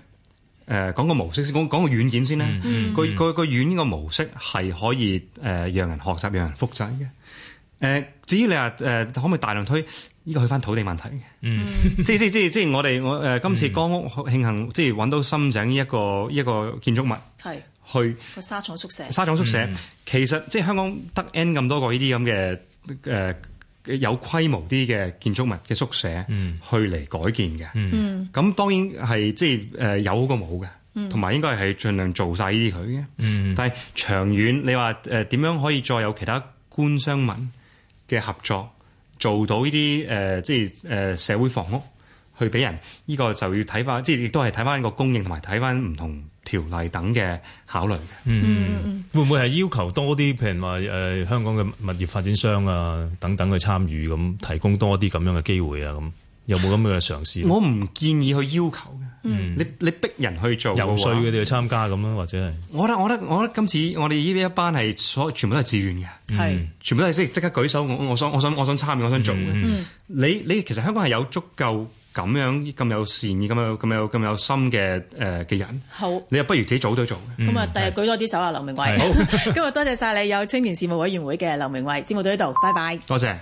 誒講個模式講講先，講講個軟件先啦。個個個軟個模式係可以誒讓人學習、讓人複製嘅。誒、呃、至於你話誒、呃、可唔可以大量推？呢個去翻土地問題嘅、mm hmm.，即係即係即係即係我哋我誒今次光屋慶幸即係搵到深井呢、呢、一個一、呢個建築物係、mm hmm. 去個沙廠宿舍，沙廠宿舍、mm hmm. 其實即係香港得 n 咁多個呢啲咁嘅誒。呃有規模啲嘅建築物嘅宿舍、嗯，去嚟改建嘅。咁、嗯、當然係即係誒有個冇嘅，同埋、嗯、應該係盡量做晒呢啲佢嘅。嗯、但係長遠你話誒點樣可以再有其他官商民嘅合作做到呢啲誒即係誒、呃、社會房屋去人，去畀人呢個就要睇返，即係亦都係睇返個供應同埋睇返唔同條例等嘅考慮，嗯，會唔會係要求多啲譬如話誒、呃、香港嘅物業發展商啊等等去參與咁，提供多啲咁樣嘅機會啊咁，有冇咁嘅嘗試？我唔建議去要求嘅、嗯，你你逼人去做，游説佢哋去參加咁樣，或者係我覺得我覺得我覺得今次我哋呢依一班係所全部都係自願嘅，係是全部都係即即刻舉手，我我想我想我想參與，我想做嘅。嗯嗯、你你其實香港係有足夠。咁樣咁有善意、咁樣咁有、咁有心嘅誒嘅人，呃、好，你又不如自己組隊做，做，咁啊、嗯，第日舉多啲手啊，劉鳴煒，好是， <laughs> 今日多謝晒你有青年事務委員會嘅劉鳴煒，節目到呢度，拜拜，多謝。